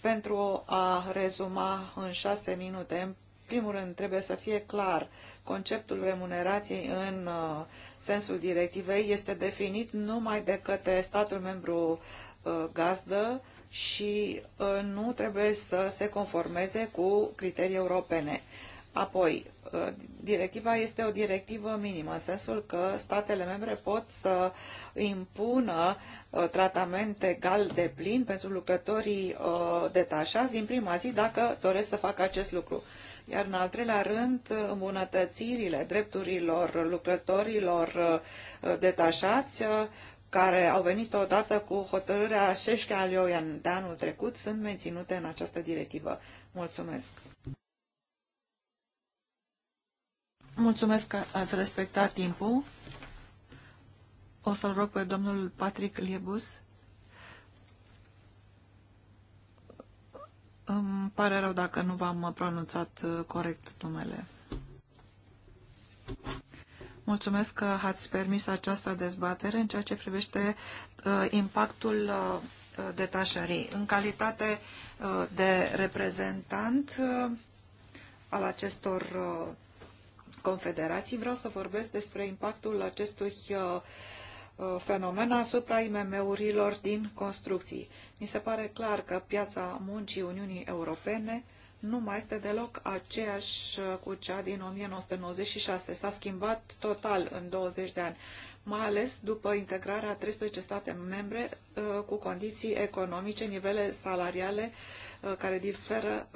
Pentru a rezuma în șase minute, în primul rând trebuie să fie clar conceptul remunerației în sensul directivei este definit numai de către statul membru uh, Uh, gazdă și uh, nu trebuie să se conformeze cu criterii europene. Apoi, uh, directiva este o directivă minimă, în sensul că statele membre pot să impună tratament egal de plin pentru lucrătorii detașați din prima zi dacă doresc să facă acest lucru. Iar în al treilea rând, îmbunătățirile drepturilor lucrătorilor detașați care au venit odată cu hotărârea Șeșchealioian de anul trecut sunt menținute în această directivă. Mulțumesc! Mulțumesc că ați respectat timpul. O să-l rog pe domnul Patrick Liebus. Îmi pare rău dacă nu v-am pronunțat uh, corect numele. Mulțumesc că ați permis această dezbatere în ceea ce privește uh, impactul uh, detașării. În calitate uh, de reprezentant al acestor confederații, vreau să vorbesc despre impactul acestui fenomen asupra IMM-urilor din construcții. Mi se pare clar că piața muncii Uniunii Europene nu mai este deloc aceeași uh, cu cea din 1996. S-a schimbat total în 20 de ani, mai ales după integrarea 13 state membre uh, cu condiții economice, nivele salariale uh, care diferă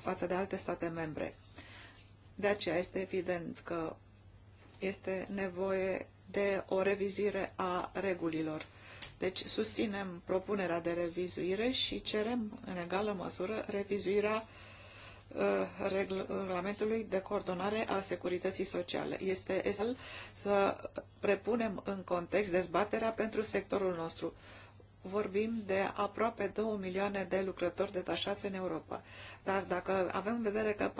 față de alte state membre. De aceea este evident că este nevoie de o revizuire a regulilor. Deci susținem propunerea de revizuire și cerem în egală măsură revizuirea uh, Uh, regulamentului de coordonare a securității sociale. Este esențial să prepunem în context dezbaterea pentru sectorul nostru. Vorbim de aproape 2 milioane de lucrători detașați în Europa. Dar dacă avem în vedere că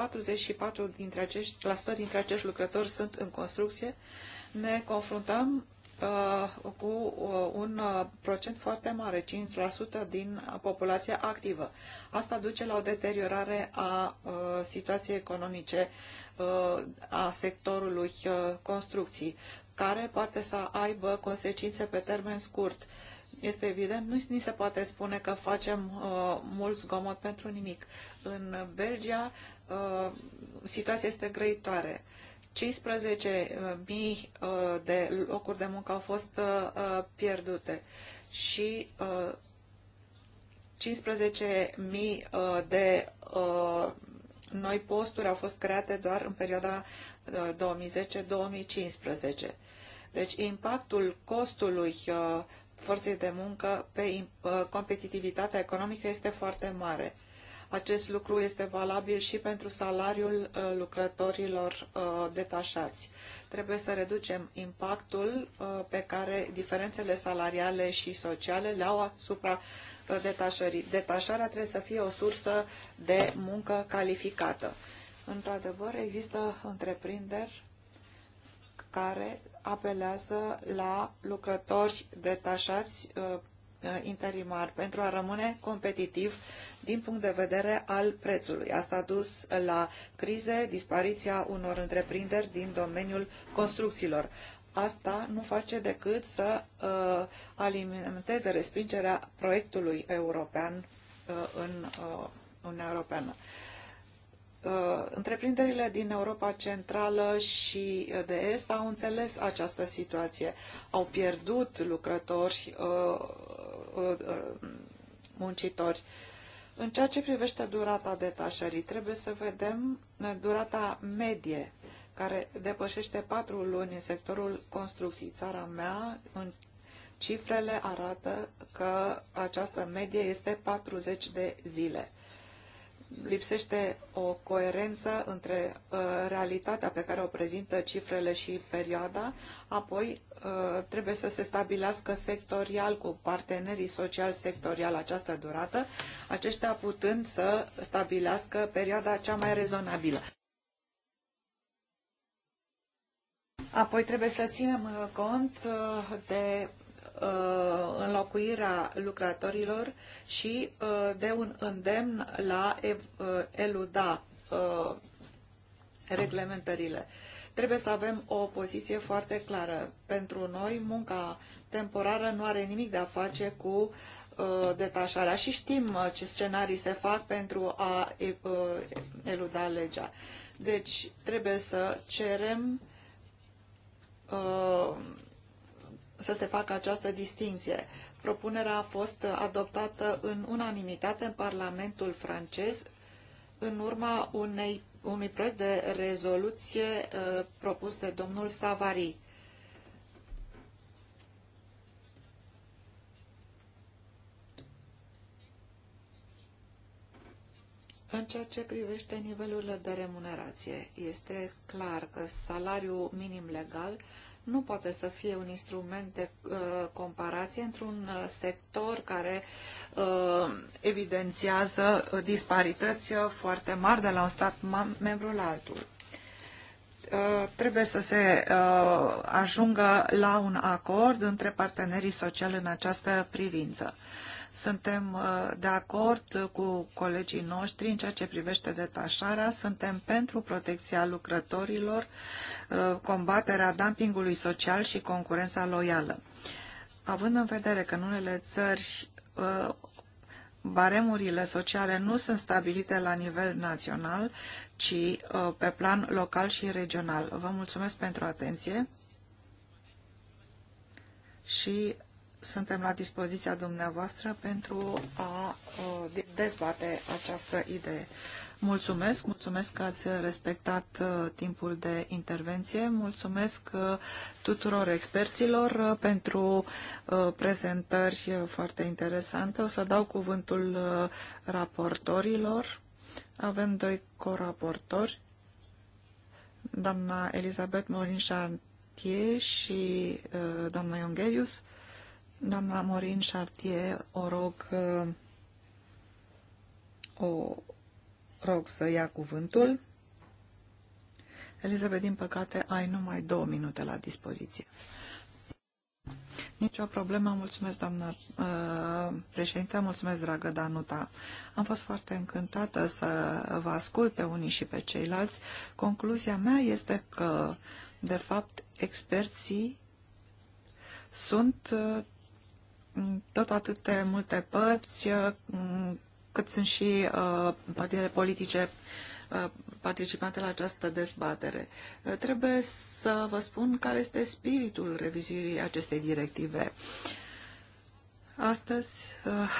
44% dintre acești, la dintre acești lucrători sunt în construcție, ne confruntăm Uh, cu uh, un uh, procent foarte mare, 5% din populația activă. Asta duce la o deteriorare a situației economice a sectorului construcții, care poate să aibă consecințe pe termen scurt. Este evident, nu ni se poate spune că facem uh, mult zgomot pentru nimic. În Belgia, uh, situația este grăitoare. Uh, 15.000 uh, de locuri de muncă au fost uh, pierdute și 15.000 uh, de noi posturi au fost create doar în perioada 2010-2015. Deci impactul costului forței de muncă pe competitivitatea economică este foarte mare. Acest lucru este valabil și pentru salariul uh, lucrătorilor uh, detașați. Trebuie să reducem impactul uh, pe care diferențele salariale și sociale le au asupra detașării. Detașarea trebuie să fie o sursă de muncă calificată. Într-adevăr, există întreprinderi care apelează la lucrători detașați Uh, interimar pentru a rămâne competitiv din punct de vedere al prețului. Asta a dus la crize, dispariția unor întreprinderi din domeniul construcțiilor. Asta nu face decât să uh, alimenteze respingerea proiectului european uh, în uh, Uniunea Europeană. Uh, întreprinderile din Europa Centrală și uh, de Est au înțeles această situație. Au pierdut lucrători Uh, muncitori. În ceea ce privește durata detașării, trebuie să vedem uh, durata medie, care depășește patru luni în sectorul construcții. Țara mea, în cifrele arată că această medie este 40 de zile lipsește o coerență între uh, realitatea pe care o prezintă cifrele și perioada, apoi uh, trebuie să se stabilească sectorial cu partenerii social sectorial această durată, aceștia putând să stabilească perioada cea mai rezonabilă. Apoi trebuie să ținem uh, cont uh, de Uh, înlocuirea lucrătorilor și uh, de un îndemn la uh, eluda reglementările. Trebuie să avem o poziție foarte clară. Pentru noi, munca temporară nu are nimic de a face cu detașarea și știm ce scenarii se fac pentru a eluda legea. Deci trebuie să cerem să se facă această distinție. Propunerea a fost adoptată în unanimitate în Parlamentul francez în urma unei, unui proiect de rezoluție uh, propus de domnul Savary. În ceea ce privește nivelurile de remunerație, este clar că salariul minim legal nu poate să fie un instrument de uh, comparație într-un uh, sector care uh, evidențiază uh, disparități uh, foarte mari de la un stat membru la altul. Uh, trebuie să se uh, ajungă la un acord între partenerii sociali în această privință. Uh, suntem uh, de acord cu colegii noștri în ceea ce privește detașarea, suntem pentru protecția lucrătorilor, uh, combaterea dumpingului social și concurența loială. Având în vedere că în unele țări uh, baremurile sociale nu sunt stabilite la nivel național, ci pe plan local și regional. Vă mulțumesc pentru atenție și suntem la dispoziția dumneavoastră pentru a dezbate această idee. Mulțumesc, mulțumesc că ați respectat timpul de intervenție, mulțumesc tuturor experților pentru prezentări foarte interesante. O să dau cuvântul raportorilor. Avem doi coraportori, doamna Elizabeth Morin Chartier și doamna Iungherius. Doamna Morin Chartier, o rog, o rog să ia cuvântul. Elizabeth, din păcate, ai numai două minute la dispoziție. Nicio problemă, mulțumesc doamnă uh, președinte, mulțumesc dragă Danuta. Am fost foarte încântată să vă ascult pe unii și pe ceilalți. Concluzia mea este că, de fapt, experții sunt uh, tot de multe părți, uh, cât sunt și uh, partidele politice uh, participante la această dezbatere. Trebuie să vă spun care este spiritul revizuirii acestei directive. Astăzi,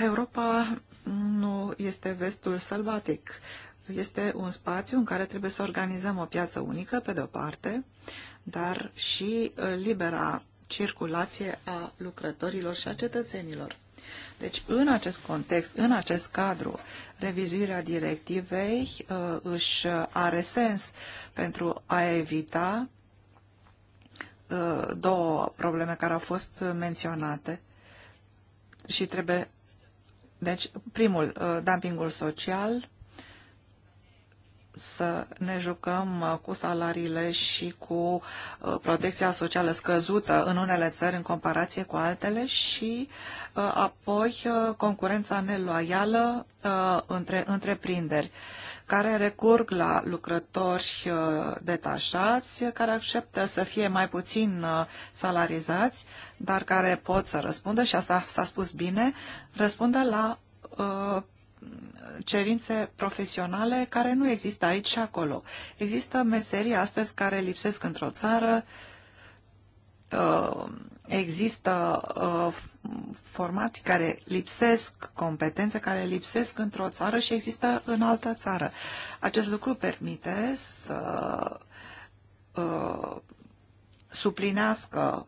Europa nu este vestul sălbatic. Este un spațiu în care trebuie să organizăm o piață unică, pe de-o parte, dar și libera circulație a lucrătorilor și a cetățenilor. Deci, în acest context, în acest cadru, revizuirea directivei uh, își are sens pentru a evita uh, două probleme care au fost menționate și trebuie... Deci, primul, uh, dumpingul social să ne jucăm uh, cu salariile și cu uh, protecția socială scăzută în unele țări în comparație cu altele și uh, apoi concurența neloială între întreprinderi care recurg la lucrători detașați, care acceptă să fie mai puțin salarizați, dar care pot să răspundă, și asta s-a spus bine, răspundă la cerințe profesionale care nu există aici și acolo. Există meserii astăzi care lipsesc într-o țară, uh, există uh, formații care lipsesc, competențe care lipsesc într-o țară și există în altă țară. Acest lucru permite să uh, suplinească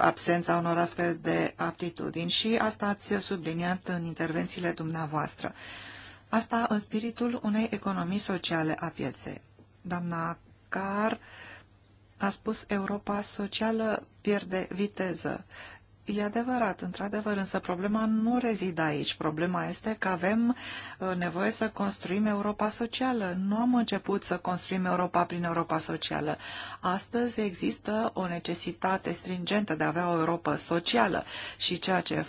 absența unor astfel de aptitudini și asta ați subliniat în intervențiile dumneavoastră. Asta în spiritul unei economii sociale a pieței. Doamna Car a spus Europa socială pierde viteză. E adevărat, într-adevăr, însă problema nu rezidă aici. Problema este că avem uh, nevoie să construim Europa socială. Nu am început să construim Europa prin Europa socială. Astăzi există o necesitate stringentă de a avea o Europa socială și ceea ce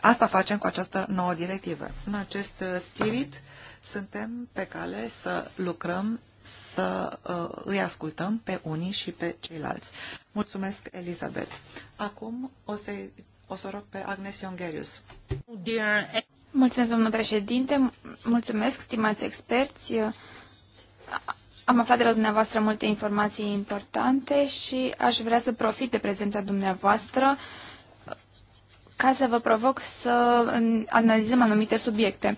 asta facem cu această nouă directivă. În acest uh, spirit suntem pe cale să lucrăm să uh, îi ascultăm pe unii și pe ceilalți. Mulțumesc, Elizabeth. Acum o să, o să rog pe Agnes Iongerius. Mulțumesc, domnul președinte. Mulțumesc, stimați experți. Am aflat de la dumneavoastră multe informații importante și aș vrea să profit de prezența dumneavoastră ca să vă provoc să analizăm anumite subiecte.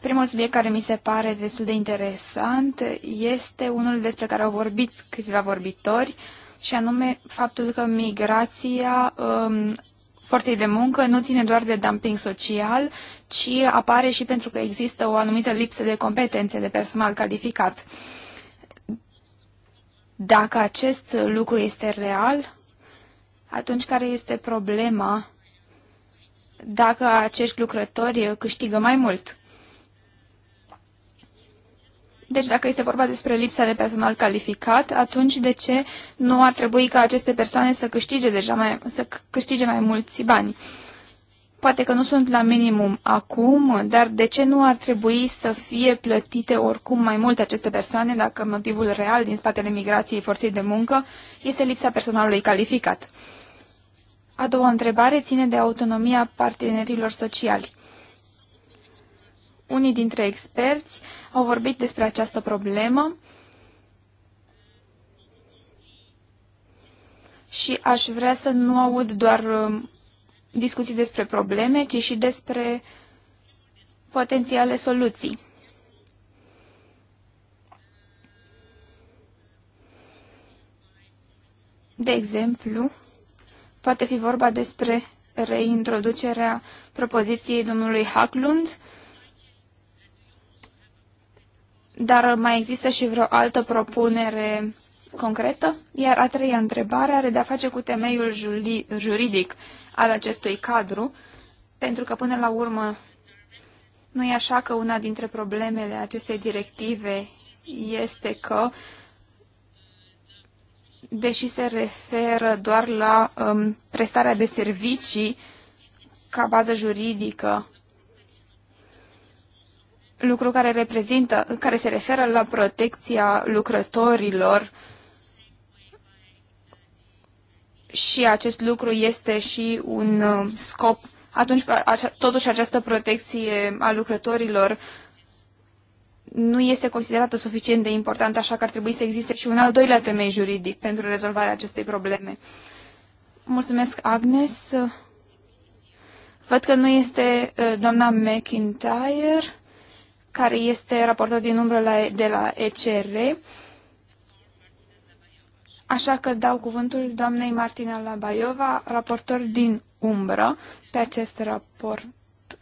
Primul subiect care mi se pare destul de interesant este unul despre care au vorbit câțiva vorbitori, și anume faptul că migrația um, forței de muncă nu ține doar de dumping social, ci apare și pentru că există o anumită lipsă de competențe de personal calificat. Dacă acest lucru este real, atunci care este problema dacă acești lucrători câștigă mai mult? Deci dacă este vorba despre lipsa de personal calificat, atunci de ce nu ar trebui ca aceste persoane să câștige deja mai, să câștige mai mulți bani? Poate că nu sunt la minimum acum, dar de ce nu ar trebui să fie plătite oricum mai mult aceste persoane dacă motivul real din spatele migrației forței de muncă este lipsa personalului calificat? A doua întrebare ține de autonomia partenerilor sociali. Unii dintre experți au vorbit despre această problemă și aș vrea să nu aud doar um, discuții despre probleme, ci și despre potențiale soluții. De exemplu, poate fi vorba despre reintroducerea propoziției domnului Hacklund dar mai există și vreo altă propunere concretă? Iar a treia întrebare are de-a face cu temeiul juridic al acestui cadru, pentru că până la urmă nu e așa că una dintre problemele acestei directive este că, deși se referă doar la um, prestarea de servicii ca bază juridică lucru care, reprezintă, care se referă la protecția lucrătorilor și acest lucru este și un um, scop. Atunci, totuși, această protecție a lucrătorilor nu este considerată suficient de importantă, așa că ar trebui să existe și un al doilea temei juridic pentru rezolvarea acestei probleme. Mulțumesc, Agnes. Văd că nu este uh, doamna McIntyre care este raportor din umbră la, de la ECR. Așa că dau cuvântul doamnei Martina Labaiova, raportor din umbră pe acest raport.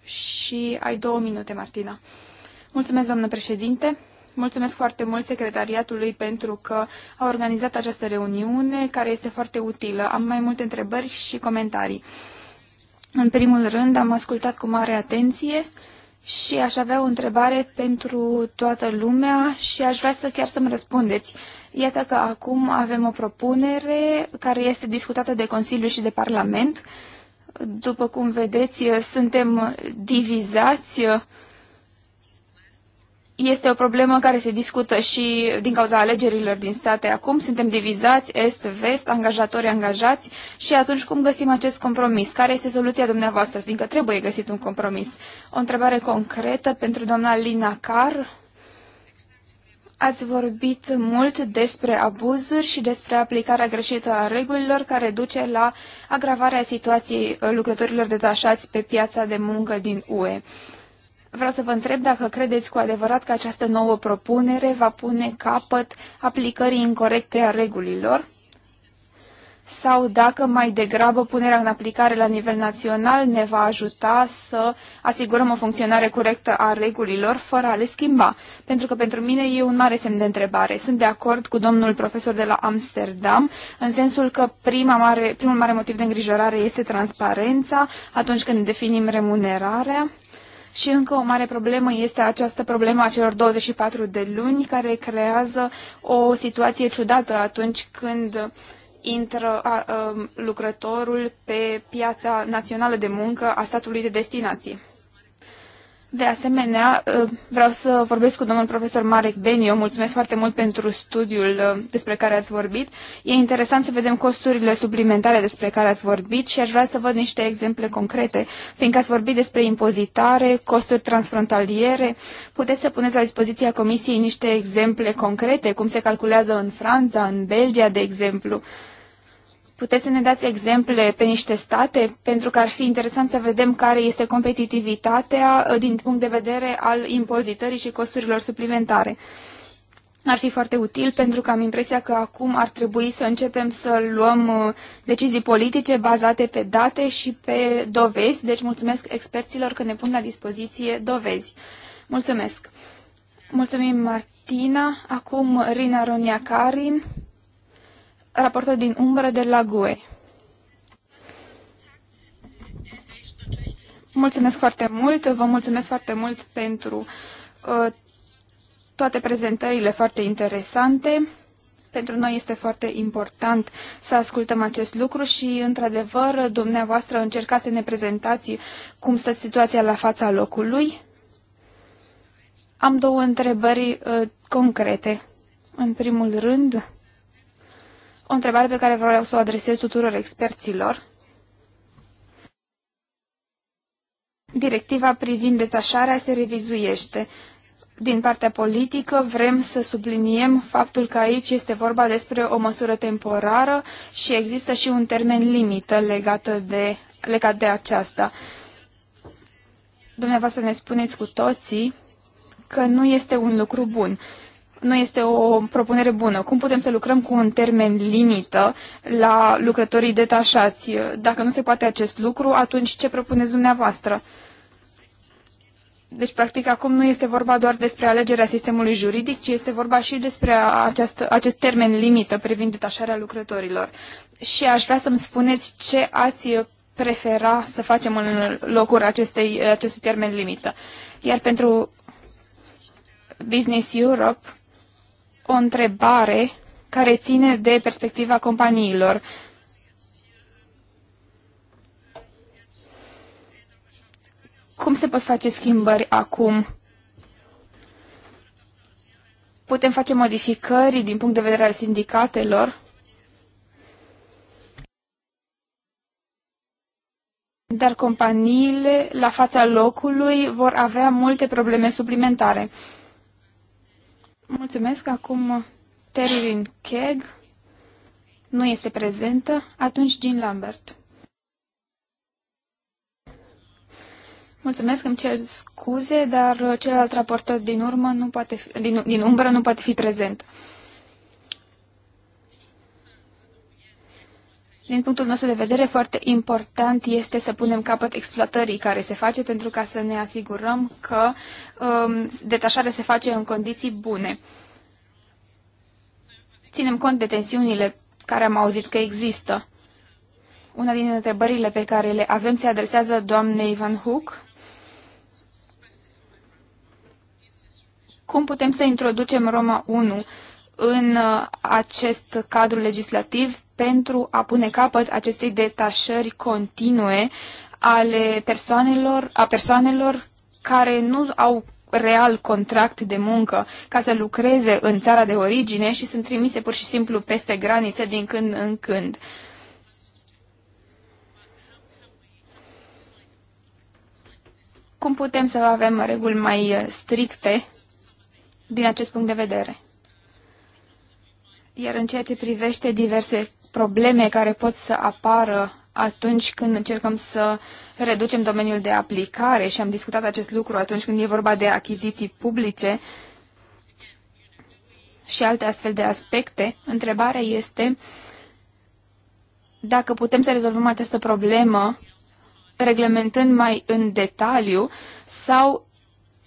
Și ai două minute, Martina. Mulțumesc, doamnă președinte. Mulțumesc foarte mult secretariatului pentru că a organizat această reuniune, care este foarte utilă. Am mai multe întrebări și comentarii. În primul rând, am ascultat cu mare atenție uh, și aș avea o întrebare pentru toată lumea și aș vrea să chiar să-mi răspundeți. Iată că acum avem o propunere care este discutată de Consiliu și de Parlament. După cum vedeți, suntem divizați este o problemă care se discută și din cauza alegerilor din state acum. Suntem divizați est-vest, angajatori angajați și atunci cum găsim acest compromis? Care este soluția dumneavoastră? Fiindcă trebuie găsit un compromis. O întrebare concretă pentru doamna Lina Car. Ați vorbit mult despre abuzuri și despre aplicarea greșită a regulilor care duce la agravarea situației lucrătorilor detașați pe piața de muncă din UE. Vreau să vă întreb dacă credeți cu adevărat că această nouă propunere va pune capăt aplicării incorrecte a regulilor sau dacă mai degrabă punerea în aplicare la nivel național ne va ajuta să asigurăm o funcționare corectă a regulilor fără a le schimba. Pentru că pentru mine e un mare semn de întrebare. Sunt de acord cu domnul profesor de la Amsterdam în sensul că prima mare, primul mare motiv de îngrijorare este transparența atunci când definim remunerarea și încă o mare problemă este această problemă a celor 24 de luni care creează o situație ciudată atunci când intră a, a, lucrătorul pe piața națională de muncă a statului de destinație. De asemenea, uh, vreau să vorbesc cu domnul profesor Marek Benio. Mulțumesc foarte mult pentru studiul uh, despre care ați vorbit. E interesant să vedem costurile suplimentare despre care ați vorbit și aș vrea să văd niște exemple concrete, fiindcă ați vorbit despre impozitare, costuri transfrontaliere. Puteți să puneți la dispoziția Comisiei niște exemple concrete, cum se calculează în Franța, în Belgia, de exemplu Puteți să ne dați exemple pe niște state? Pentru că ar fi interesant să vedem care este competitivitatea uh, din punct de vedere al impozitării și costurilor suplimentare. Ar fi foarte util pentru că am impresia că acum ar trebui să începem să luăm uh, decizii politice bazate pe date și pe dovezi. Deci mulțumesc experților că ne pun la dispoziție dovezi. Mulțumesc! Mulțumim, Martina. Acum Rina Ronia Karin raportor din umbră de la GUE. Mulțumesc foarte mult, vă mulțumesc foarte mult pentru uh, toate prezentările foarte interesante. Pentru noi este foarte important să ascultăm acest lucru și, într-adevăr, dumneavoastră încercați să ne prezentați cum stă situația la fața locului. Am două întrebări uh, concrete. În primul rând, o întrebare pe care vreau să o adresez tuturor experților. Directiva privind detașarea se revizuiește. Din partea politică vrem să subliniem faptul că aici este vorba despre o măsură temporară și există și un termen limită legat de, legat de aceasta. Dumneavoastră ne spuneți cu toții că nu este un lucru bun. Uh, nu este o propunere bună. Cum putem să lucrăm cu un termen limită la lucrătorii detașați? Dacă nu se poate acest lucru, atunci ce propuneți dumneavoastră? Deci, practic, acum nu este vorba doar despre alegerea sistemului juridic, ci este vorba și despre această, acest termen limită privind detașarea lucrătorilor. Și aș vrea să-mi spuneți ce ați prefera să facem în locul acestei, acestui termen limită. Iar pentru Business Europe, o întrebare care ține de perspectiva companiilor. Cum se pot face schimbări acum? Putem face modificări din punct de vedere al sindicatelor? Dar companiile la fața locului vor avea multe probleme suplimentare. Mulțumesc. Acum Terilin Keg nu este prezentă. Atunci Jean Lambert. Mulțumesc, îmi cer scuze, dar celălalt raportor din urmă nu poate fi, din, din umbră nu poate fi prezent. Din punctul nostru de vedere, foarte important este să punem capăt exploatării care se face pentru ca să ne asigurăm că um, detașarea se face în condiții bune. Ținem cont de tensiunile care am auzit că există. Una din întrebările pe care le avem se adresează doamnei Van Hook. Cum putem să introducem Roma 1 în uh, acest cadru legislativ pentru a pune capăt acestei detașări continue ale persoanelor, a persoanelor care nu au real contract de muncă ca să lucreze în țara de origine și sunt trimise pur și simplu peste granițe din când în când. Cum putem să avem reguli mai stricte din acest punct de vedere? Iar în ceea ce privește diverse probleme care pot să apară atunci când încercăm să reducem domeniul de aplicare și am discutat acest lucru atunci când e vorba de achiziții publice și alte astfel de aspecte, întrebarea este dacă putem să rezolvăm această problemă reglementând mai în detaliu sau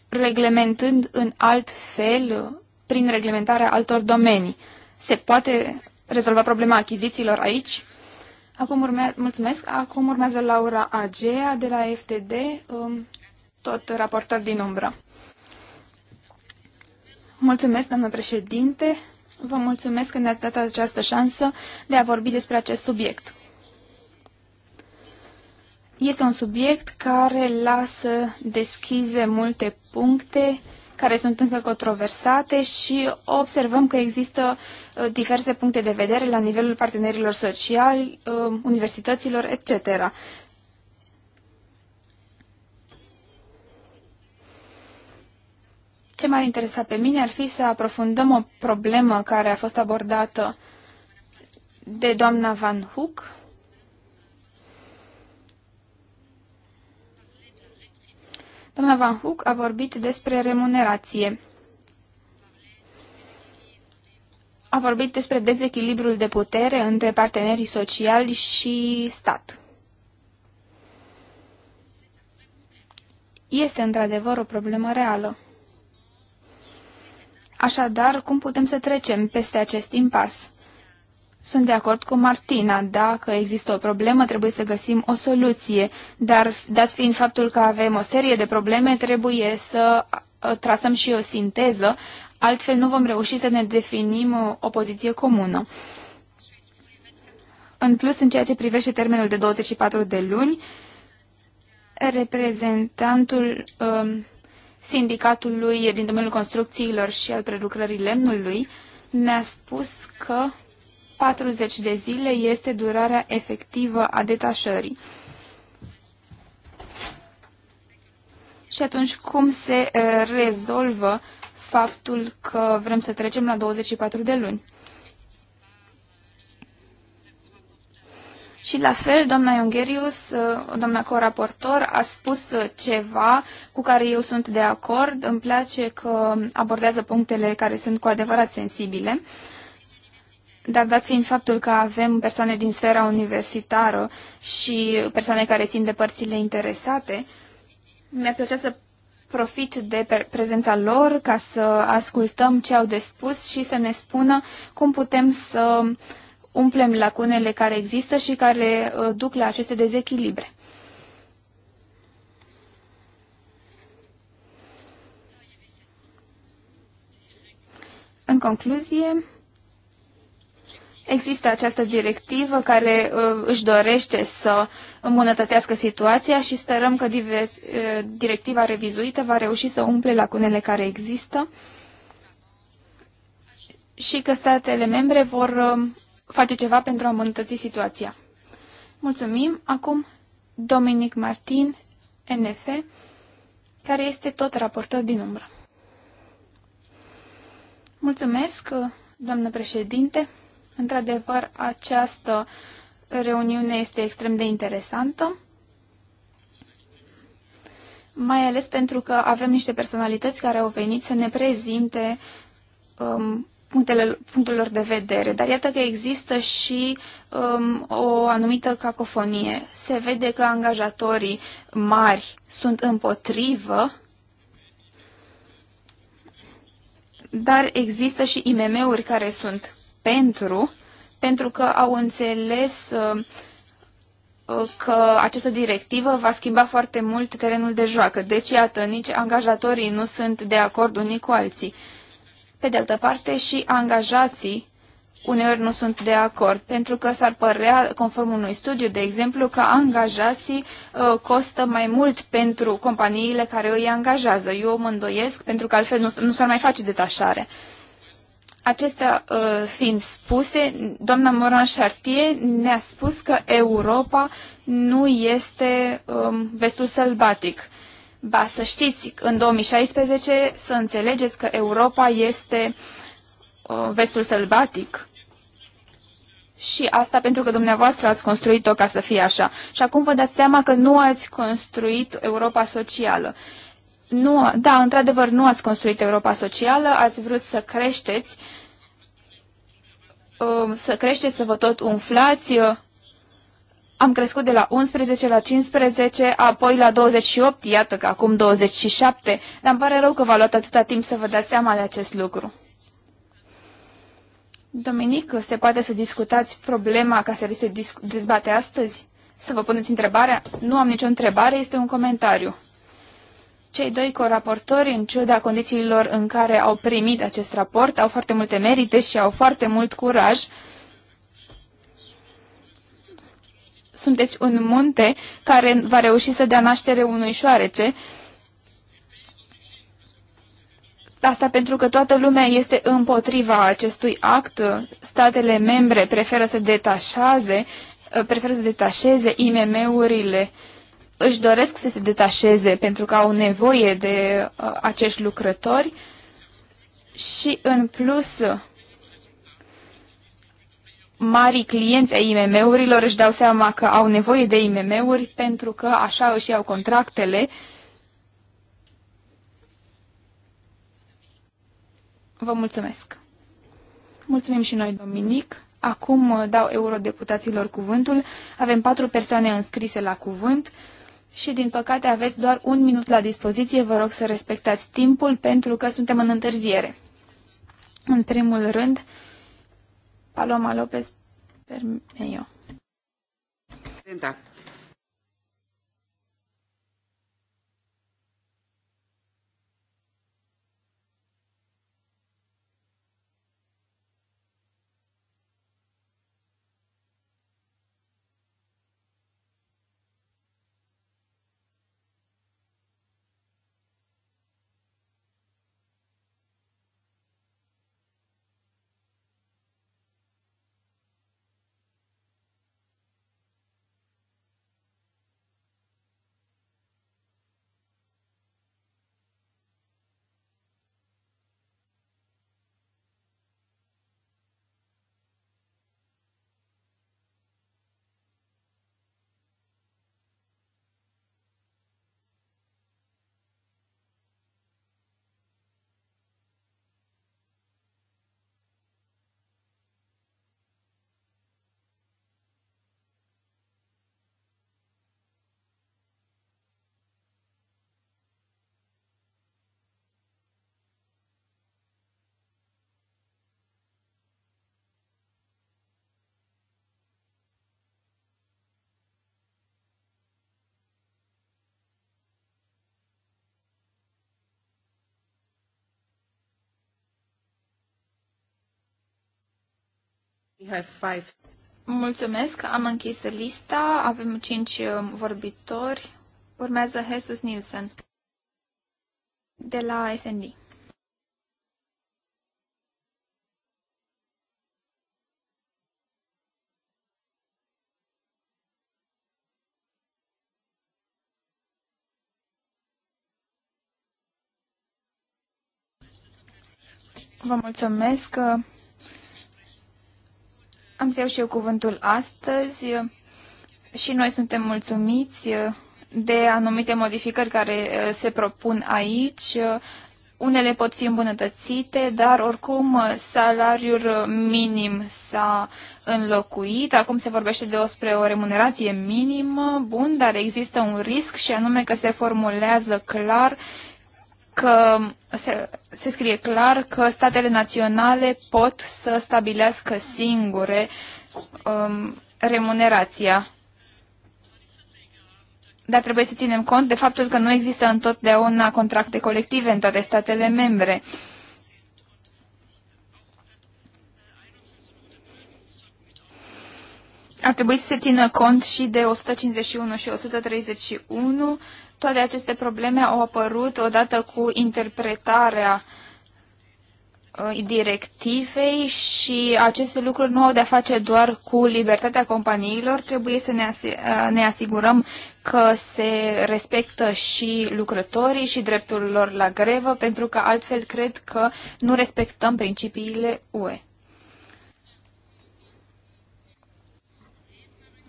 reglementând în alt fel prin reglementarea altor domenii. Se poate rezolva problema achizițiilor aici. Acum urmează, mulțumesc. Acum urmează Laura Agea de la FTD, um, tot raportor din umbră. Mulțumesc, doamnă președinte. Vă mulțumesc că ne-ați dat această șansă de a vorbi despre acest subiect. Este un subiect care lasă deschise multe puncte care sunt încă controversate și observăm că există uh, diverse puncte de vedere la nivelul partenerilor sociali, uh, universităților, etc. Ce m-ar interesa pe mine ar fi să aprofundăm o problemă care a fost abordată de doamna Van Hook Doamna Van Hook a vorbit despre remunerație. A vorbit despre dezechilibrul de putere între partenerii sociali și stat. Este într-adevăr o problemă reală. Așadar, cum putem să trecem peste acest impas? Sunt de acord cu Martina. Dacă există o problemă, trebuie să găsim o soluție. Dar, dat fiind faptul că avem o serie de probleme, trebuie să uh, trasăm și o sinteză, altfel nu vom reuși să ne definim uh, o poziție comună. În plus, în ceea ce privește termenul de 24 de luni, reprezentantul um, sindicatului din domeniul construcțiilor și al prelucrării lemnului ne-a spus că 40 de zile este durarea efectivă a detașării. Și atunci cum se uh, rezolvă faptul că vrem să trecem la 24 de luni? Și la fel, doamna Iungherius, uh, doamna coraportor, a spus ceva cu care eu sunt de acord. Îmi place că abordează punctele care sunt cu adevărat sensibile. Uh, dar dat fiind faptul că avem persoane din sfera universitară și persoane care țin de părțile interesate, mi-ar plăcea să profit de prezența lor ca să ascultăm ce au de spus și să ne spună cum putem să umplem lacunele care există și care uh, duc la aceste dezechilibre. În concluzie, Există această directivă care uh, își dorește să îmbunătățească situația și sperăm că uh, directiva revizuită va reuși să umple lacunele care există și că statele membre vor uh, face ceva pentru a îmbunătăți situația. Mulțumim. Acum Dominic Martin, NF, care este tot raportor din umbră. Mulțumesc, doamnă președinte. Într-adevăr, această reuniune este extrem de interesantă, mai ales pentru că avem niște personalități care au venit să ne prezinte um, punctele, punctelor de vedere, dar iată că există și um, o anumită cacofonie. Se vede că angajatorii mari sunt împotrivă, dar există și IMM-uri care sunt pentru, pentru că au înțeles uh, uh, că această directivă va schimba foarte mult terenul de joacă. Deci, iată, nici angajatorii nu sunt de acord unii cu alții. Pe de altă parte, și angajații uneori nu sunt de acord, pentru că s-ar părea, conform unui studiu, de exemplu, că angajații uh, costă mai mult pentru companiile care îi angajează. Eu mă îndoiesc, pentru că altfel nu, nu s-ar mai face detașare. Acestea uh, fiind spuse, doamna Moran Chartier ne-a spus că Europa nu este um, vestul sălbatic. Ba să știți, în 2016 să înțelegeți că Europa este uh, vestul sălbatic. Și asta pentru că dumneavoastră ați construit-o ca să fie așa. Și acum vă dați seama că nu ați construit Europa socială. Uh, nu, da, într-adevăr, nu ați construit Europa socială, ați vrut să creșteți, um, să creșteți, să vă tot umflați. Am crescut de la 11 la 15, apoi la 28, iată că acum 27, dar îmi pare rău că v-a luat atâta timp să vă dați seama de acest lucru. Dominic, se poate să discutați problema ca să se dezbate astăzi? Să vă puneți întrebarea? Nu am nicio întrebare, este un comentariu. Cei doi coraportori, în ciuda condițiilor în care au primit acest raport, au foarte multe merite și au foarte mult curaj. Sunteți un munte care va reuși să dea naștere unui șoarece. Asta pentru că toată lumea este împotriva acestui act. Statele membre preferă să detașeze, preferă să detașeze IMM-urile își doresc să se detașeze pentru că au nevoie de uh, acești lucrători și, în plus, marii clienți ai IMM-urilor își dau seama că au nevoie de IMM-uri pentru că așa își iau contractele. Vă mulțumesc! Mulțumim și noi, Dominic! Acum uh, dau eurodeputaților cuvântul. Avem patru persoane înscrise la cuvânt și din păcate aveți doar un minut la dispoziție. Vă rog să respectați timpul pentru că suntem în întârziere. În primul rând, Paloma López Permeio. Da. Mulțumesc, am închis lista, avem cinci uh, vorbitori. Urmează Jesus Nielsen de la SND. Vă mulțumesc. Uh, am să iau și eu cuvântul astăzi. Și noi suntem mulțumiți de anumite modificări care uh, se propun aici. Unele pot fi îmbunătățite, dar oricum uh, salariul minim s-a înlocuit. Acum se vorbește despre o remunerație minimă, bun, dar există un risc și anume că se formulează clar că se, se scrie clar că statele naționale pot să stabilească singure um, remunerația. Dar trebuie să ținem cont de faptul că nu există întotdeauna contracte colective în toate statele membre. Uh, ar trebui să se țină cont și de 151 și 131. Toate aceste probleme au apărut odată cu interpretarea uh, directivei și aceste lucruri nu au de-a face doar cu libertatea companiilor, trebuie să ne uh, asigurăm că se respectă și lucrătorii și dreptul lor la grevă, pentru că altfel cred că nu respectăm principiile UE.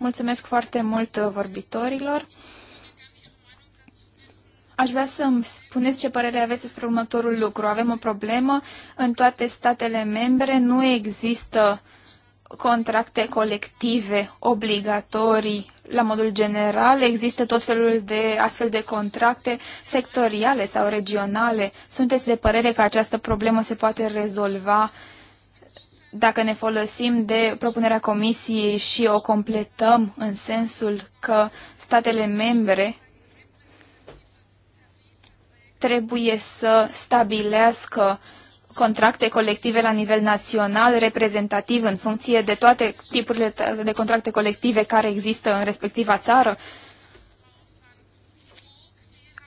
Mulțumesc foarte mult uh, vorbitorilor. Aș vrea să îmi spuneți ce părere aveți despre următorul lucru. Avem o problemă în toate statele membre, nu există contracte colective obligatorii la modul general, există tot felul de astfel de contracte sectoriale sau regionale. Sunteți de părere că această problemă se poate rezolva uh, dacă ne folosim de propunerea Comisiei și o completăm în sensul că statele membre trebuie să stabilească contracte colective la nivel național reprezentativ în funcție de toate tipurile de contracte colective care există în respectiva țară?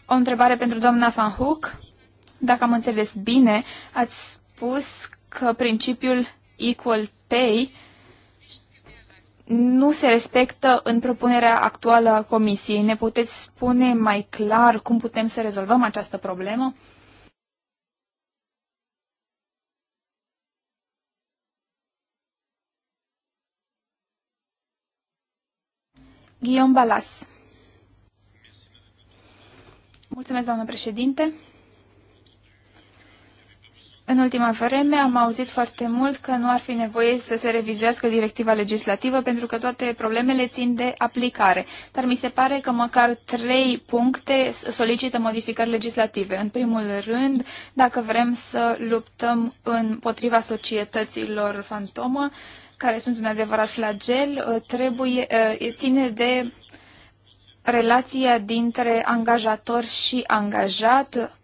O întrebare pentru doamna Van Hook. Dacă am înțeles bine, ați spus că principiul equal pay nu se respectă în propunerea actuală a Comisiei. Ne puteți spune mai clar cum putem să rezolvăm această problemă? Guillaume Balas. Mulțumesc, doamnă președinte. În ultima vreme am auzit foarte mult că nu ar fi nevoie să se revizuiască directiva legislativă pentru că toate problemele țin de aplicare, dar mi se pare că măcar trei puncte solicită modificări legislative. În primul rând, dacă vrem să luptăm împotriva societăților fantomă, care sunt un adevărat flagel, ă, trebuie, ă, ține de relația dintre angajator și angajat,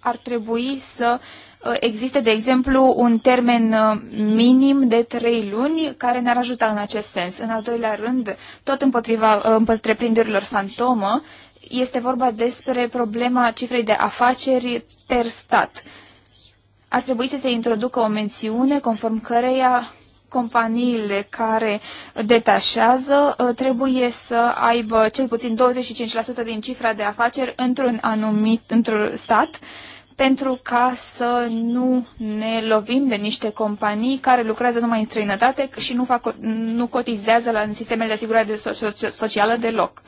ar trebui să uh, existe, de exemplu, un termen uh, minim de trei luni care ne-ar ajuta în acest sens. În al doilea rând, tot împotriva uh, întreprinderilor fantomă, este vorba despre problema cifrei de afaceri per stat. Ar trebui să se introducă o mențiune conform căreia companiile care detașează uh, trebuie să aibă cel puțin 25% din cifra de afaceri într-un anumit într-un stat pentru ca să nu ne lovim de niște companii care lucrează numai în străinătate și nu, fac, nu cotizează la, în sistemele de asigurare socială deloc.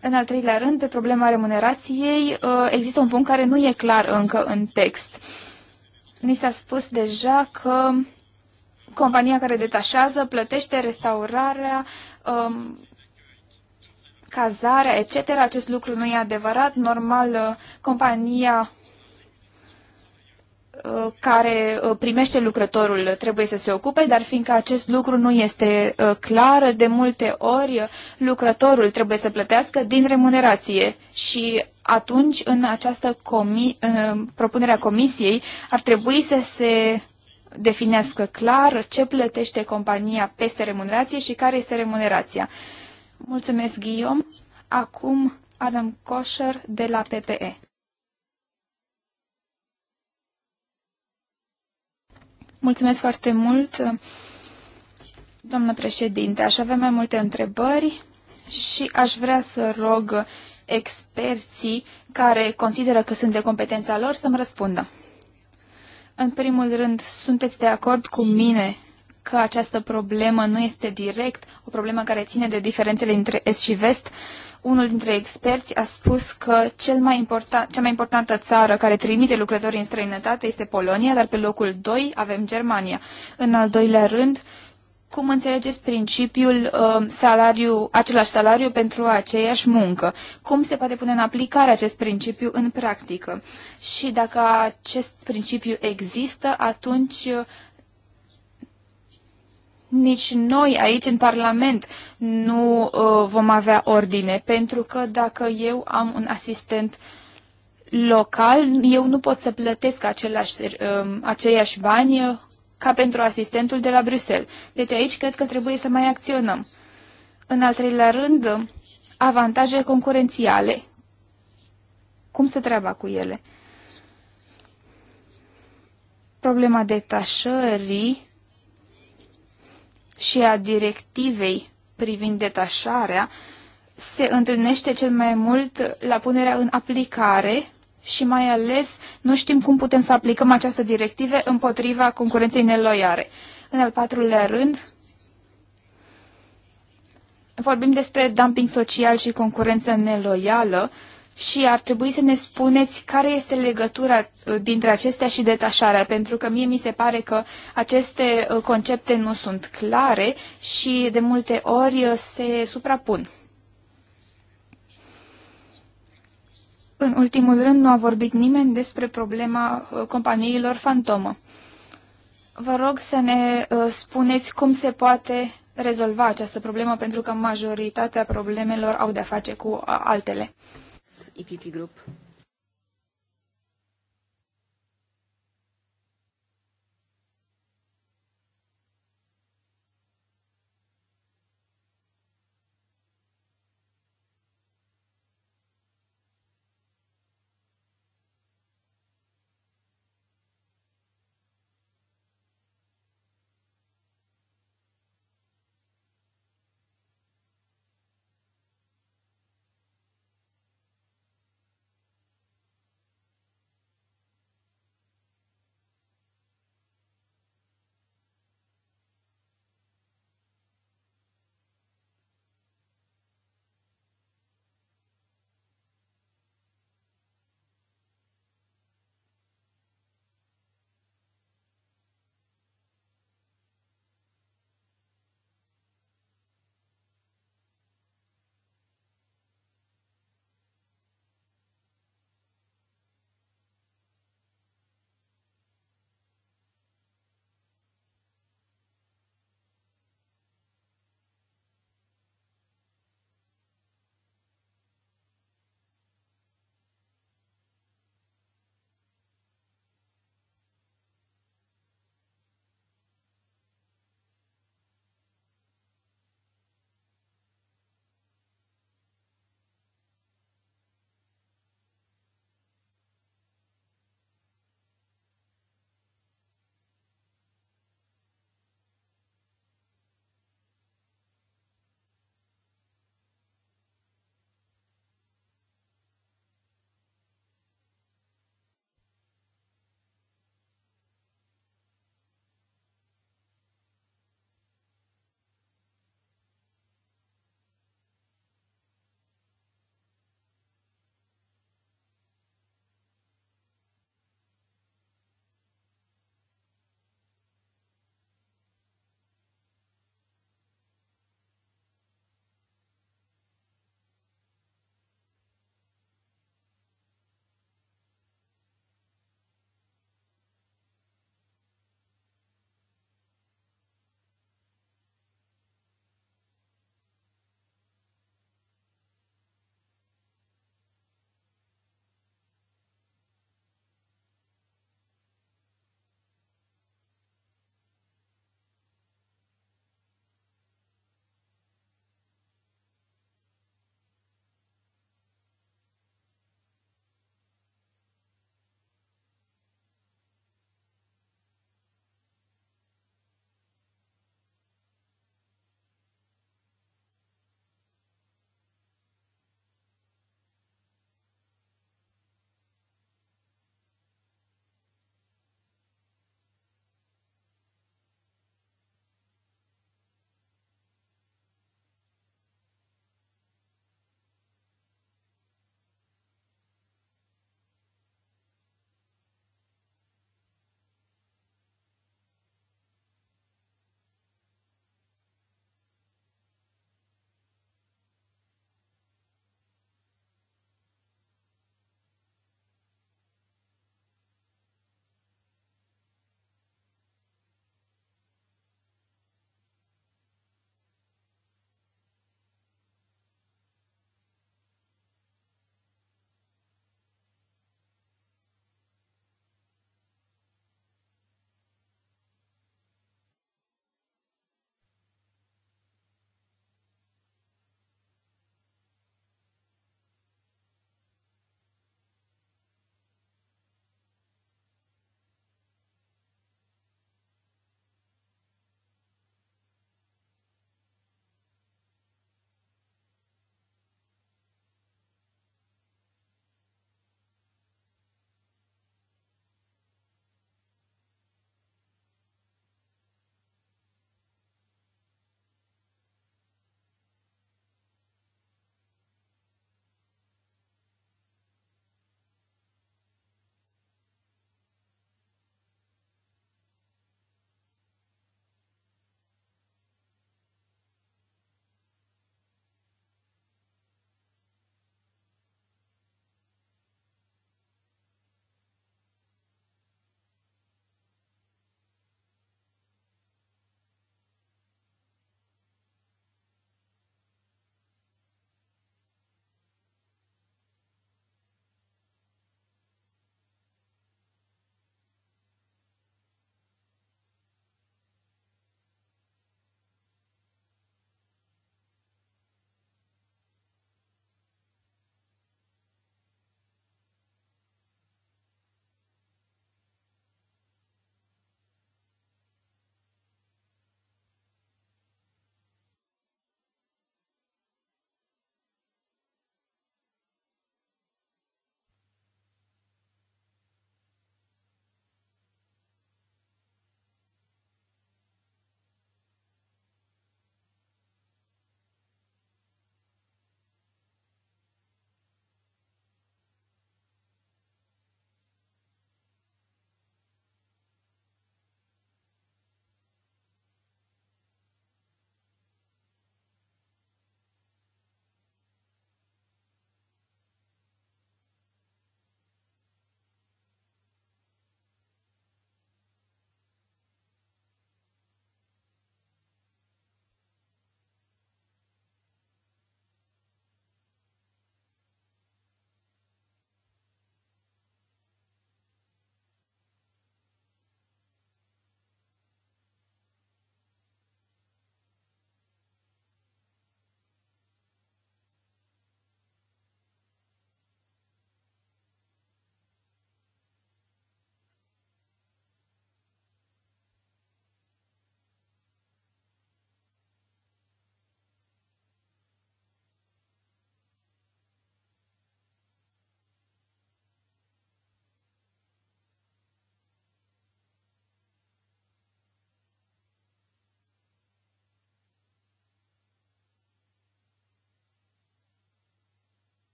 În al treilea rând, pe problema remunerației, uh, există un punct care nu e clar încă în text. Ni s-a spus deja că compania care detașează plătește restaurarea, um, cazarea, etc. Acest lucru nu e adevărat. Normal, uh, compania uh, care uh, primește lucrătorul trebuie să se ocupe, dar fiindcă acest lucru nu este clar, de multe ori lucrătorul trebuie să plătească din remunerație și atunci în această comi- în propunerea comisiei ar trebui să se definească clar ce plătește compania peste remunerație și care este remunerația. Mulțumesc, Guillaume. Acum Adam Kosher de la PPE. Mulțumesc foarte mult, doamnă președinte. Aș avea mai multe întrebări și aș vrea să rog experții care consideră că sunt de competența lor să-mi răspundă. În primul rând, sunteți de acord cu mine că această problemă nu este direct o problemă care ține de diferențele între Est și Vest? Unul dintre experți a spus că cel mai important, cea mai importantă țară care trimite lucrători în străinătate este Polonia, dar pe locul 2 avem Germania. În al doilea rând, cum înțelegeți principiul uh, salariu, același salariu pentru aceeași muncă? Cum se poate pune în aplicare acest principiu în practică? Și dacă acest principiu există, atunci uh, nici noi aici în Parlament nu uh, vom avea ordine, pentru că dacă eu am un asistent local, eu nu pot să plătesc același, uh, um, aceiași bani ca pentru asistentul de la Bruxelles. Deci aici cred că trebuie să mai acționăm. În al treilea rând, avantaje concurențiale. Cum se treaba cu ele? Problema detașării și a directivei privind detașarea se întâlnește cel mai mult la punerea în aplicare și mai ales nu știm cum putem să aplicăm această directivă împotriva concurenței neloiare. În al patrulea rând, vorbim despre dumping social și concurență neloială și ar trebui să ne spuneți care este legătura uh, dintre acestea și detașarea, pentru că mie mi se pare că aceste uh, concepte nu sunt clare și de multe ori uh, se suprapun. În ultimul rând, nu a vorbit nimeni despre problema uh, companiilor fantomă. Vă rog să ne uh, spuneți cum se poate rezolva această problemă, pentru că majoritatea problemelor au de-a face cu altele. IPP Group.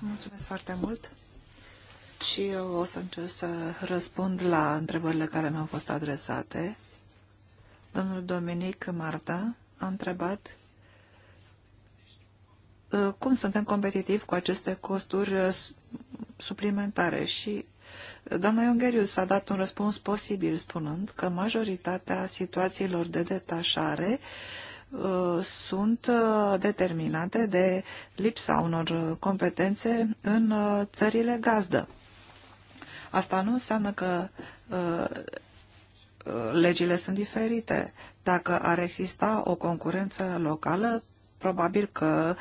Mulțumesc foarte mult. Și eu o să încerc să răspund la întrebările care mi-au fost adresate. Domnul Dominic Marta a întrebat uh, cum suntem competitivi cu aceste costuri uh, suplimentare și uh, doamna s a dat un răspuns posibil spunând că majoritatea situațiilor de detașare uh, Uh, sunt uh, determinate de lipsa unor competențe în uh, țările gazdă. Asta nu înseamnă că legile sunt diferite. Dacă ar exista o concurență locală, probabil că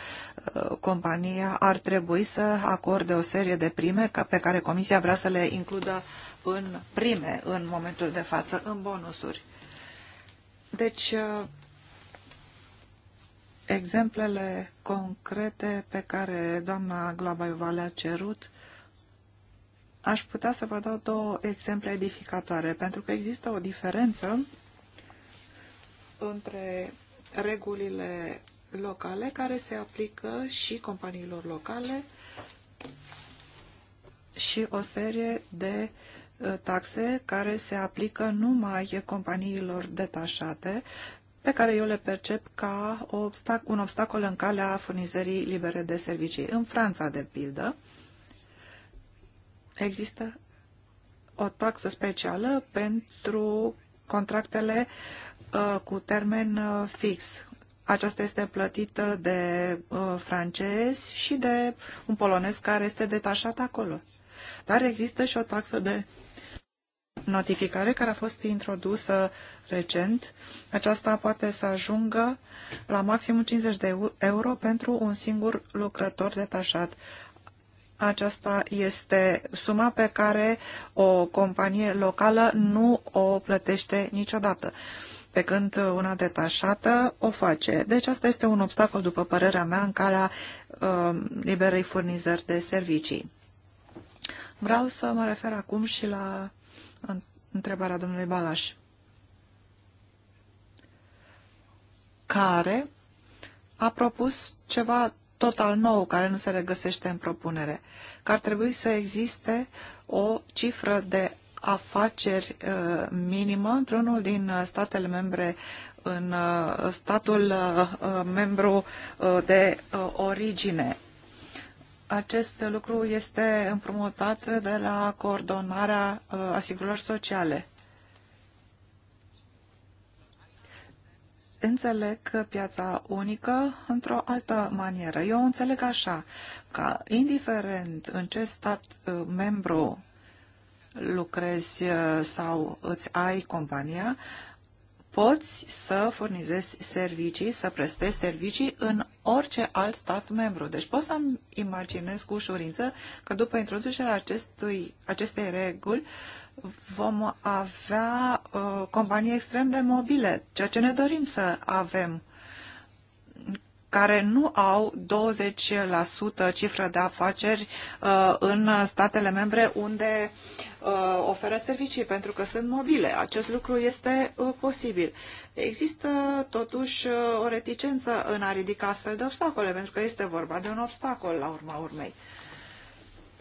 compania ar trebui să acorde o serie de prime pe care Comisia vrea să le includă în prime în momentul de față, în bonusuri. Deci Exemplele concrete pe care doamna Glabaiova le-a cerut, aș putea să vă dau două exemple edificatoare, pentru că există o diferență între regulile locale care se aplică și companiilor locale și o serie de uh, taxe care se aplică numai companiilor detașate, pe care eu le percep ca un obstacol în calea furnizării libere de servicii. În Franța, de pildă, există o taxă specială pentru contractele uh, cu termen uh, fix. Aceasta este plătită de uh, francezi și de un polonez care este detașat acolo. Dar există și o taxă de notificare care a fost introdusă recent. Aceasta poate să ajungă la maxim 50 de euro pentru un singur lucrător detașat. Aceasta este suma pe care o companie locală nu o plătește niciodată, pe când una detașată o face. Deci asta este un obstacol, după părerea mea, în calea uh, liberei furnizări de servicii. Vreau să mă refer acum și la întrebarea domnului Balaș, care a propus ceva total nou, care nu se regăsește în propunere, că ar trebui să existe o cifră de afaceri uh, minimă într-unul din uh, statele membre în uh, statul uh, uh membru uh, de origine acest lucru este împrumutat de la coordonarea uh, asigurărilor sociale. înțeleg piața unică într-o altă manieră. Eu înțeleg așa, că indiferent în ce stat uh, membru lucrezi uh, sau îți ai compania, poți să furnizezi servicii, să prestezi servicii în orice alt stat membru. Deci pot să-mi imaginez cu ușurință că după introducerea acestui, acestei reguli vom avea uh, companii extrem de mobile, ceea ce ne dorim să avem care nu au 20% cifră de afaceri uh, în statele membre unde uh, oferă servicii pentru că sunt mobile. Acest lucru este uh, posibil. Există totuși o reticență în a ridica astfel de obstacole, pentru că este vorba de un obstacol la urma urmei.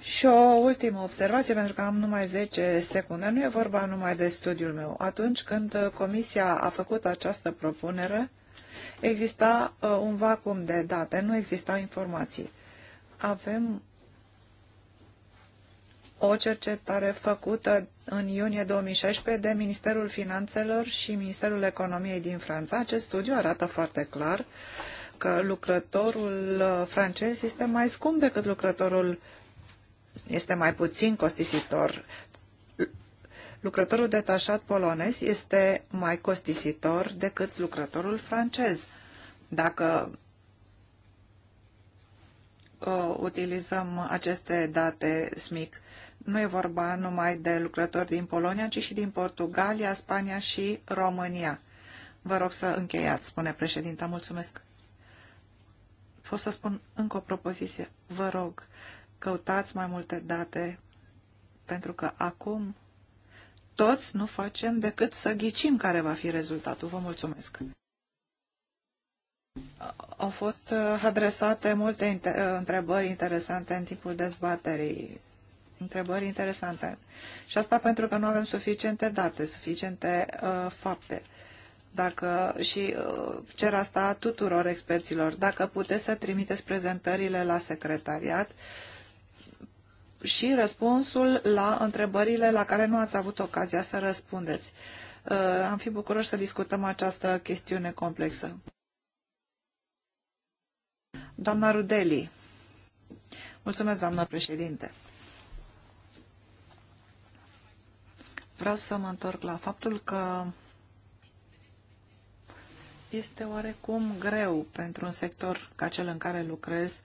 Și o ultimă observație, pentru că am numai 10 secunde. Nu e vorba numai de studiul meu. Atunci când Comisia a făcut această propunere, exista uh, un vacuum de date, nu existau informații. Avem o cercetare făcută în iunie 2016 de Ministerul Finanțelor și Ministerul Economiei din Franța. Acest studiu arată foarte clar că lucrătorul uh, francez este mai scump decât lucrătorul este mai puțin costisitor Lucrătorul detașat polonez este mai costisitor decât lucrătorul francez. Dacă uh, utilizăm aceste date SMIC, nu e vorba numai de lucrători din Polonia, ci și din Portugalia, Spania și România. Vă rog să încheiați, spune președinta. Mulțumesc. Pot să spun încă o propoziție. Vă rog, căutați mai multe date, pentru că acum toți nu facem decât să ghicim care va fi rezultatul. Vă mulțumesc! Au fost uh, adresate multe uh, întrebări interesante în timpul dezbaterii. Întrebări interesante. Și asta pentru că nu avem suficiente date, suficiente uh, fapte. Dacă, și uh, cer asta tuturor experților, dacă puteți să trimiteți prezentările la secretariat, uh, și răspunsul la întrebările la care nu ați avut ocazia să răspundeți. Uh, am fi bucuroși să discutăm această chestiune complexă. Doamna Rudeli. Mulțumesc, doamnă președinte. Vreau să mă întorc la faptul că este oarecum greu pentru un sector ca cel în care lucrez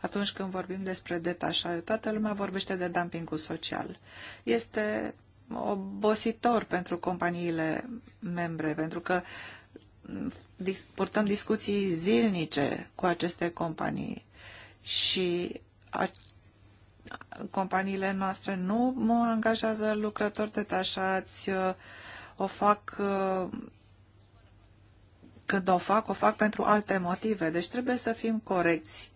atunci când vorbim despre detașare. Toată lumea vorbește de dumpingul social. Este obositor pentru companiile membre, pentru că purtăm discuții zilnice cu aceste companii și a, companiile noastre nu mă angajează lucrători detașați, uh, o fac uh, când o fac, o fac pentru alte motive. Deci trebuie să fim corecți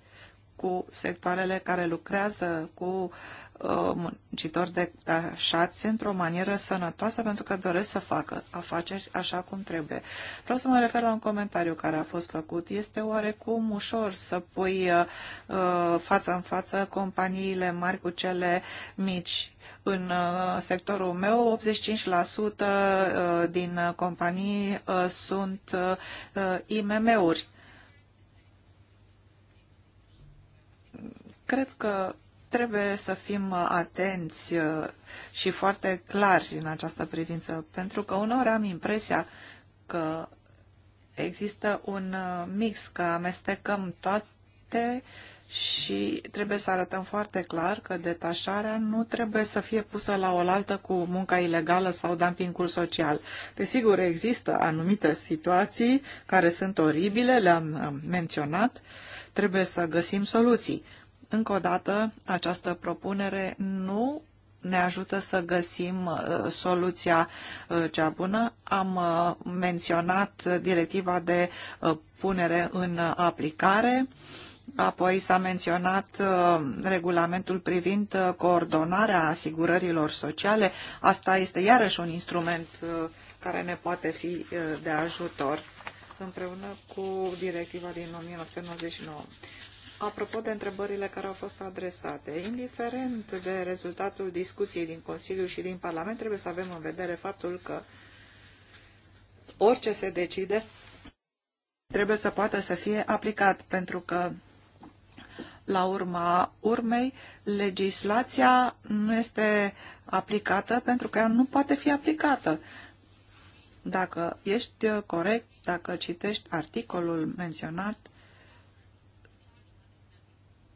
cu sectoarele care lucrează cu uh, muncitori detașați într-o manieră sănătoasă pentru că doresc să facă afaceri așa cum trebuie. Vreau să mă refer la un comentariu care a fost făcut. Este oarecum ușor să pui uh, uh, față în față companiile mari cu cele mici. În uh, sectorul meu, 85% din companii sunt IMM-uri Cred că trebuie să fim uh, atenți uh, și foarte clari în această privință, pentru că uneori am impresia că există un uh, mix, că amestecăm toate și trebuie să arătăm foarte clar că detașarea nu trebuie să fie pusă la oaltă cu munca ilegală sau dumpingul social. Desigur, există anumite situații care sunt oribile, le-am menționat, trebuie să găsim soluții. Încă o dată, această propunere nu ne ajută să găsim uh, soluția uh, cea bună. Am uh, menționat directiva de punere în aplicare, apoi s-a menționat regulamentul privind coordonarea asigurărilor sociale. Asta este iarăși un instrument care ne poate fi de ajutor împreună cu directiva din 1999. Apropo de întrebările care au fost adresate, indiferent de rezultatul discuției din Consiliu și din Parlament, trebuie să avem în vedere faptul că orice se decide trebuie să poată să fie aplicat, pentru că la urma urmei, legislația nu este aplicată pentru că ea nu poate fi aplicată. Dacă ești corect, dacă citești articolul menționat,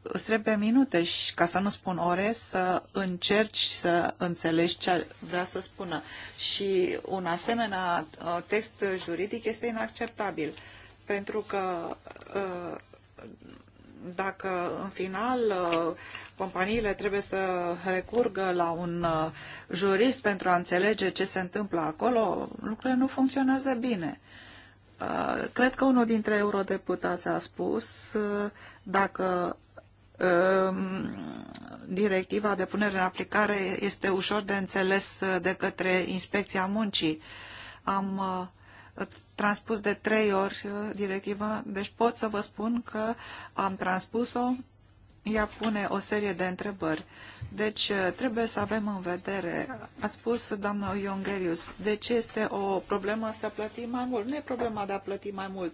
îți trebuie minute și, ca să nu spun ore, să încerci să înțelegi ce vrea să spună. Și un asemenea uh, text juridic este inacceptabil, pentru că uh, dacă în final uh, companiile trebuie să recurgă la un jurist pentru a înțelege ce se întâmplă acolo, lucrurile nu funcționează bine. Cred că unul dintre eurodeputați a spus, dacă Ehm, directiva de punere în aplicare este ușor de înțeles eh, de către Inspecția Muncii. Am eh, transpus de trei ori eh, directiva, deci pot să vă spun că am transpus-o, ea pune o serie de întrebări. Deci trebuie să avem în vedere, a spus doamna Iongerius, deci este o problemă să plătim mai mult. Nu e problema de a plăti mai mult,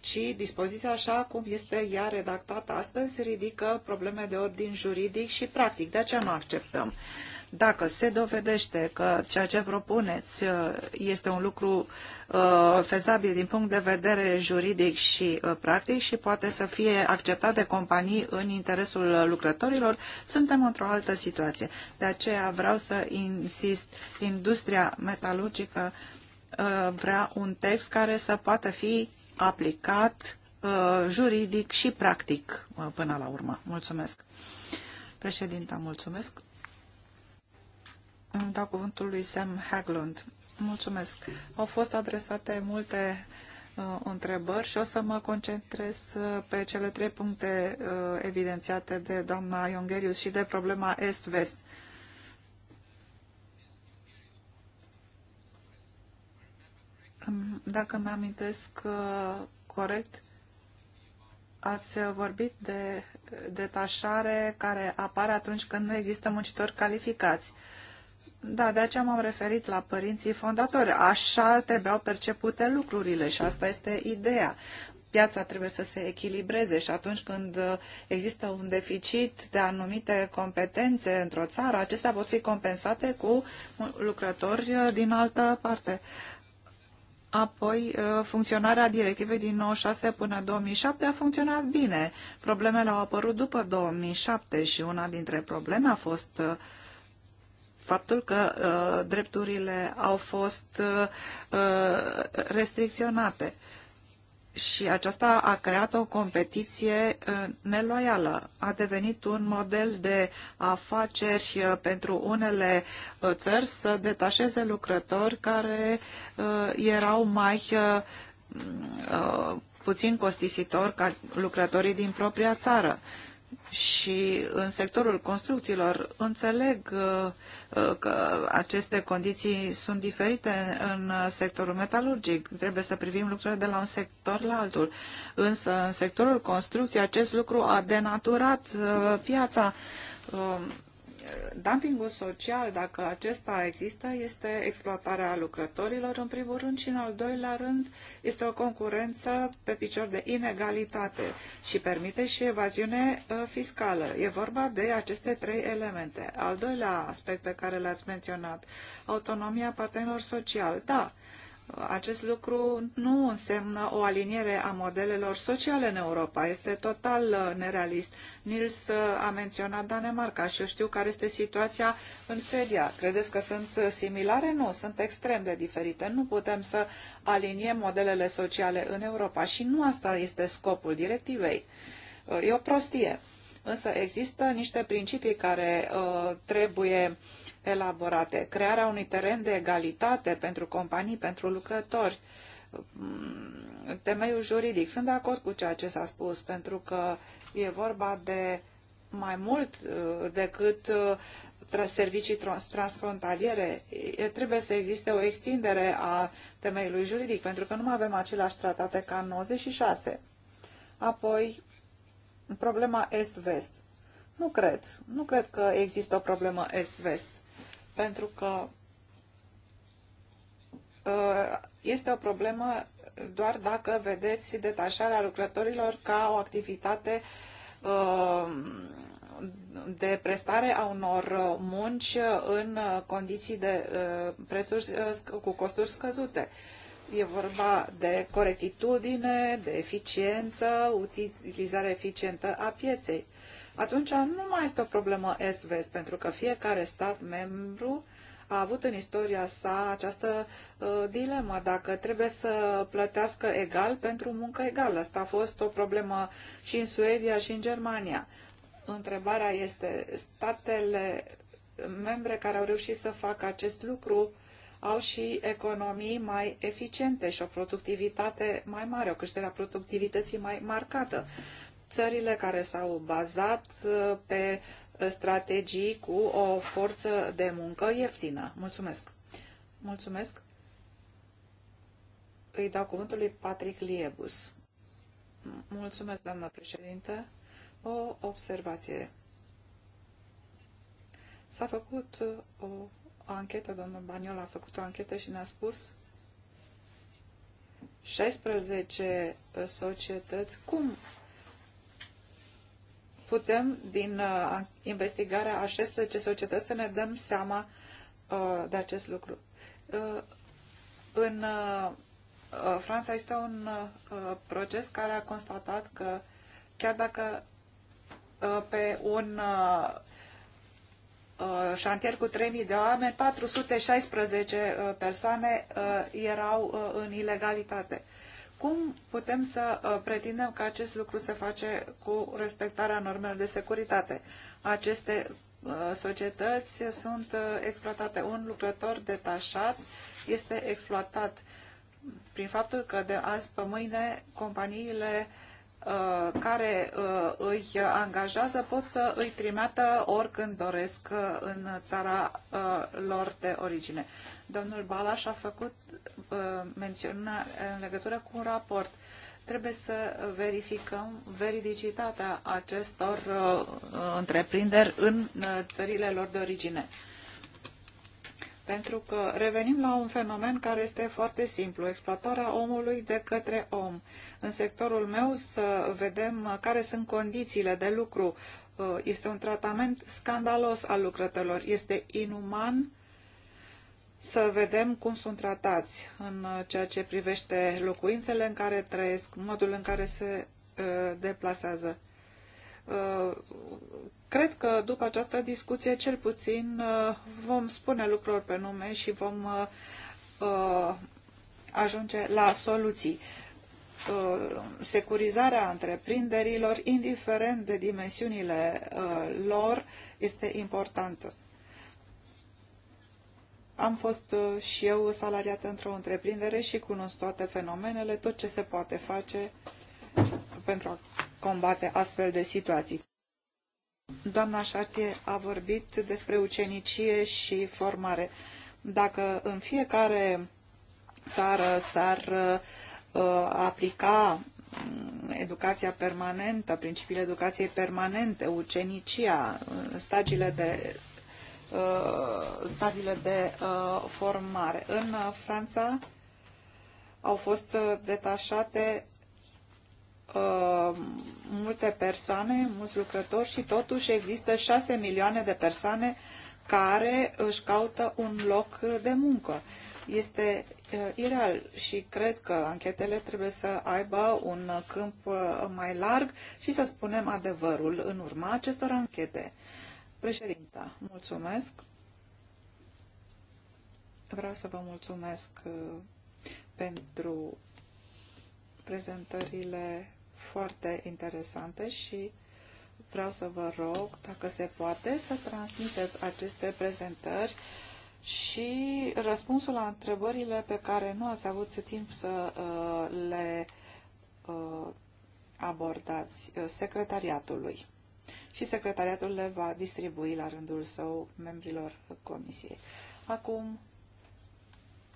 ci dispoziția așa cum este ea redactată astăzi ridică probleme de ordin juridic și practic, de aceea nu acceptăm. Dacă se dovedește că ceea ce propuneți uh, este un lucru uh, fezabil din punct de vedere juridic și uh, practic și poate să fie acceptat de companii în interesul lucrătorilor, suntem într-o altă situație. De aceea vreau să insist, industria metalurgică uh, vrea un text care să poată fi aplicat uh, juridic și practic uh, până la urmă. Mulțumesc. Președinta, mulțumesc. Îmi dau cuvântul lui Sam Haglund. Mulțumesc. Au fost adresate multe uh, întrebări și o să mă concentrez pe cele trei puncte evidențiate de doamna Iongerius și de problema Est-Vest. Dacă mă amintesc uh, corect, ați vorbit de detașare care apare atunci când nu există muncitori calificați. Da, de aceea m-am referit la părinții fondatori. Așa trebuiau percepute lucrurile și asta este ideea. Piața trebuie să se echilibreze și atunci când există un deficit de anumite competențe într-o țară, acestea pot fi compensate cu lucrători din altă parte. Uh, Apoi, uh, funcționarea directivei din 96 până 2007 a funcționat bine. Problemele au apărut după 2007 și una dintre probleme a fost uh, faptul că uh, drepturile au fost restricționate și aceasta a creat o competiție uh, neloială. A devenit un model de afaceri uh, pentru unele uh, țări să detașeze lucrători care erau mai mm, puțin costisitori ca lucrătorii din propria țară și în sectorul construcțiilor înțeleg uh, uh, că aceste condiții sunt diferite în sectorul metalurgic. Trebuie să privim lucrurile de la un sector la altul. Însă în sectorul construcției acest lucru a denaturat uh, piața dumpingul social, dacă acesta există, este exploatarea lucrătorilor, în primul rând, și în al doilea rând este o concurență pe picior de inegalitate și permite și evaziune uh, fiscală. E vorba de aceste trei elemente. Al doilea aspect pe care l-ați menționat, autonomia partenerilor sociali. Da, acest lucru nu înseamnă o aliniere a modelelor sociale în Europa. Este total uh, nerealist. Nils uh, a menționat Danemarca și eu știu care este situația în Suedia. Credeți că sunt uh, similare? Nu, sunt extrem de diferite. Nu putem să aliniem modelele sociale în Europa și nu asta este scopul directivei. E o prostie. Însă există niște principii care uh, trebuie uh, elaborate, crearea unui teren de egalitate pentru companii, pentru lucrători, mm, temeiul juridic. Sunt de acord cu ceea ce s-a spus, pentru că e vorba de mai mult uh, decât uh, servicii transfrontaliere. Trebuie să existe o extindere a temeiului juridic, pentru că nu mai avem aceleași tratate ca în 96. Apoi, problema est-vest. Nu cred. Nu cred că există o problemă est-vest pentru că ă, este o problemă doar dacă vedeți detașarea lucrătorilor ca o activitate ă, de prestare a unor munci în condiții de ă, prețuri cu costuri scăzute. E vorba de corectitudine, de eficiență, utilizare eficientă a pieței atunci nu mai este o problemă est-vest, pentru că fiecare stat membru a avut în istoria sa această uh, dilemă, dacă trebuie să plătească egal pentru muncă egală. Asta a fost o problemă și în Suedia și în Germania. Întrebarea este, statele membre care au reușit să facă acest lucru au și economii mai eficiente și o productivitate mai mare, o creștere a productivității mai marcată. Uh, țările care s-au bazat uh, pe uh, strategii cu o forță de muncă ieftină. Mulțumesc! Mulțumesc! Îi dau cuvântul lui Patrick Liebus. Mulțumesc, doamnă președinte. O observație. S-a făcut uh, o anchetă, domnul Baniol a făcut o anchetă și ne-a spus 16 societăți. Cum putem, din uh, investigarea a 16 societăți, să ne dăm seama uh, de acest lucru. Uh, în Franța este un proces care a constatat că chiar dacă pe un șantier cu 3000 de oameni, 416 persoane erau în ilegalitate. Cum putem să uh, pretindem că acest lucru se face cu respectarea normelor de securitate? Aceste uh, societăți sunt uh, exploatate. Un lucrător detașat este exploatat prin faptul că de azi pe mâine companiile care îi angajează pot să îi trimeată oricând doresc în țara lor de origine. Domnul Balas a făcut uh, mențiunea în legătură cu un raport. Trebuie să verificăm veridicitatea acestor uh, întreprinderi în uh, țările lor de origine. Pentru că revenim la un fenomen care este foarte simplu, exploatarea omului de către om. În sectorul meu să vedem care sunt condițiile de lucru. Uh, este un tratament scandalos al lucrătorilor, este inuman să vedem cum sunt tratați în ceea ce privește locuințele în care trăiesc, modul în care se uh, deplasează. Uh, cred că după această discuție, cel puțin, uh, vom spune lucruri pe nume și vom ajunge la soluții. Securizarea întreprinderilor, indiferent de dimensiunile lor, este importantă am fost uh, și eu salariată într-o întreprindere și cunosc toate fenomenele, tot ce se poate face pentru a combate astfel de situații. Doamna Șartie a vorbit despre ucenicie și formare. Dacă în fiecare țară s-ar uh, aplica mm, educația permanentă, principiile educației permanente, ucenicia, stagiile de Uh, stadiile de uh, formare. În uh, Franța au fost detașate multe persoane, mulți lucrători și totuși există 6 milioane de persoane care își caută un loc de muncă. Este ireal și cred că anchetele trebuie să aibă un câmp mai larg și să spunem adevărul în urma acestor anchete. Președinta, mulțumesc. Vreau să vă mulțumesc uh, pentru prezentările foarte interesante și vreau să vă rog, dacă se poate, să transmiteți aceste prezentări și răspunsul la întrebările pe care nu ați avut timp să uh, le uh, abordați secretariatului și secretariatul le va distribui la rândul său membrilor comisiei. Acum,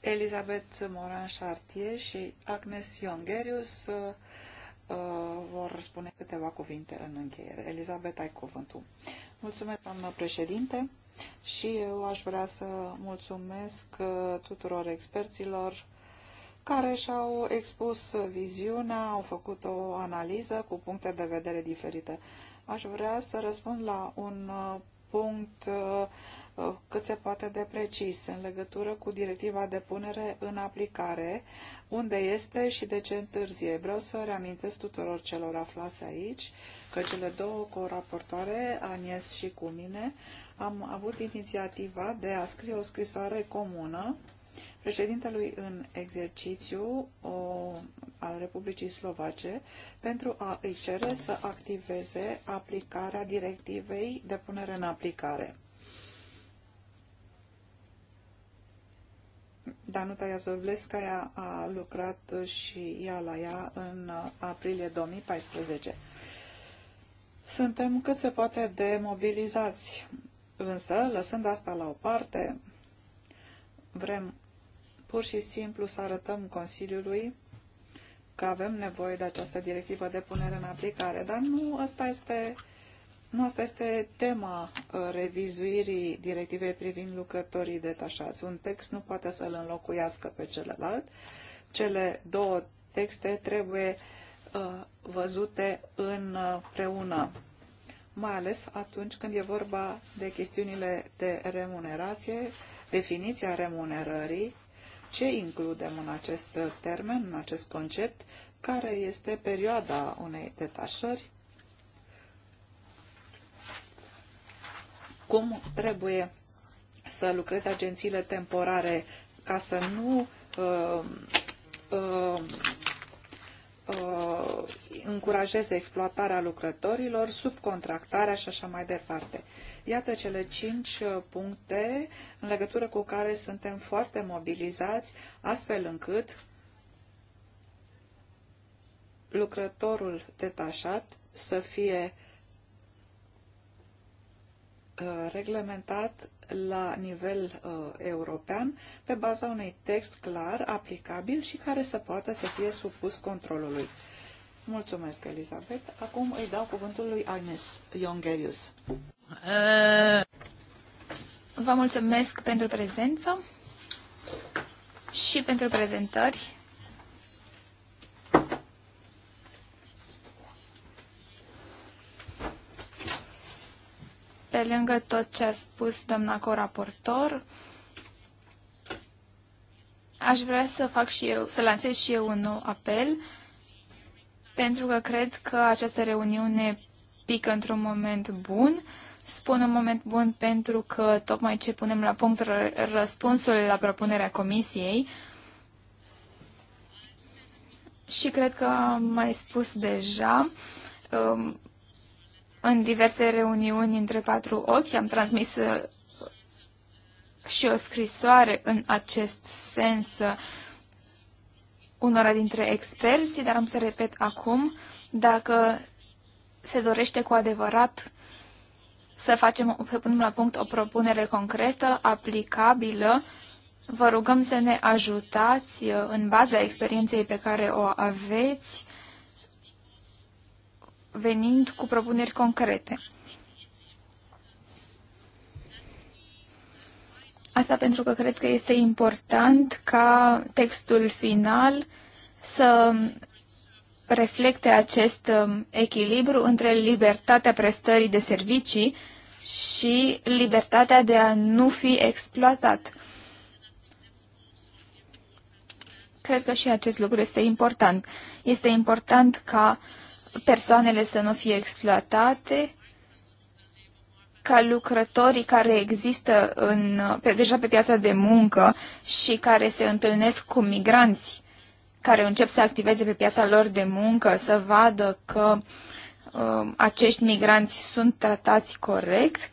Elizabeth Moran Chartier și Agnes Iongerius uh, vor spune câteva cuvinte în încheiere. Elizabeth, ai cuvântul. Mulțumesc, doamnă președinte, și eu aș vrea să mulțumesc uh, tuturor experților care și-au expus viziunea, au făcut o analiză cu puncte de vedere diferite. Aș vrea să răspund la un uh, punct uh, uh, cât se poate de precis în legătură cu directiva de punere în aplicare, unde este și de ce întârzie. Vreau să reamintesc tuturor celor aflați aici că cele două coraportoare, Anies și cu mine, am avut inițiativa de a scrie o scrisoare comună președintelui în exercițiu o, al Republicii Slovace pentru a îi cere să activeze aplicarea directivei de punere în aplicare. Danuta Iazovleskaya a lucrat și ea la ea în aprilie 2014. Suntem cât se poate de mobilizați, însă, lăsând asta la o parte, vrem pur și simplu să arătăm Consiliului că avem nevoie de această directivă de punere în aplicare, dar nu asta este, nu asta este tema uh, revizuirii directivei privind lucrătorii detașați. Un text nu poate să-l înlocuiască pe celălalt. Cele două texte trebuie uh, văzute împreună, uh, mai ales atunci când e vorba de chestiunile de remunerație, definiția remunerării, ce includem în acest termen, în acest concept? Care este perioada unei detașări? Cum trebuie să lucreze agențiile temporare ca să nu uh, uh, uh, încurajeze exploatarea lucrătorilor, subcontractarea și așa mai departe. Iată cele cinci uh, puncte în legătură cu care suntem foarte mobilizați, astfel încât lucrătorul detașat să fie uh, reglementat la nivel uh, european pe baza unui text clar, aplicabil și care să poată să fie supus controlului. Mulțumesc, Elizabeth. Acum îi dau cuvântul lui Agnes Iongerius. Vă mulțumesc pentru prezență și pentru prezentări. pe lângă tot ce a spus doamna coraportor, aș vrea să fac și eu, să lansez și eu un nou apel, pentru că cred că această reuniune pică într-un moment bun. Spun un moment bun pentru că tocmai ce punem la punct răspunsul la propunerea comisiei, și cred că am mai spus deja, um, în diverse reuniuni între patru ochi. Am transmis uh, și o scrisoare în acest sens uh, unora dintre experți, dar am să repet acum, dacă se dorește cu adevărat să, facem, să punem la punct o propunere concretă, aplicabilă, vă rugăm să ne ajutați uh, în baza experienței pe care o aveți venind cu propuneri concrete. Asta pentru că cred că este important ca textul final să reflecte acest um, echilibru între libertatea prestării de servicii și libertatea de a nu fi exploatat. Cred că și acest lucru este important. Este important ca uh, persoanele să nu fie exploatate, ca lucrătorii care există în, pe, deja pe piața de muncă și care se întâlnesc cu migranți care încep să activeze pe piața lor de muncă, să vadă că uh, acești migranți sunt tratați corect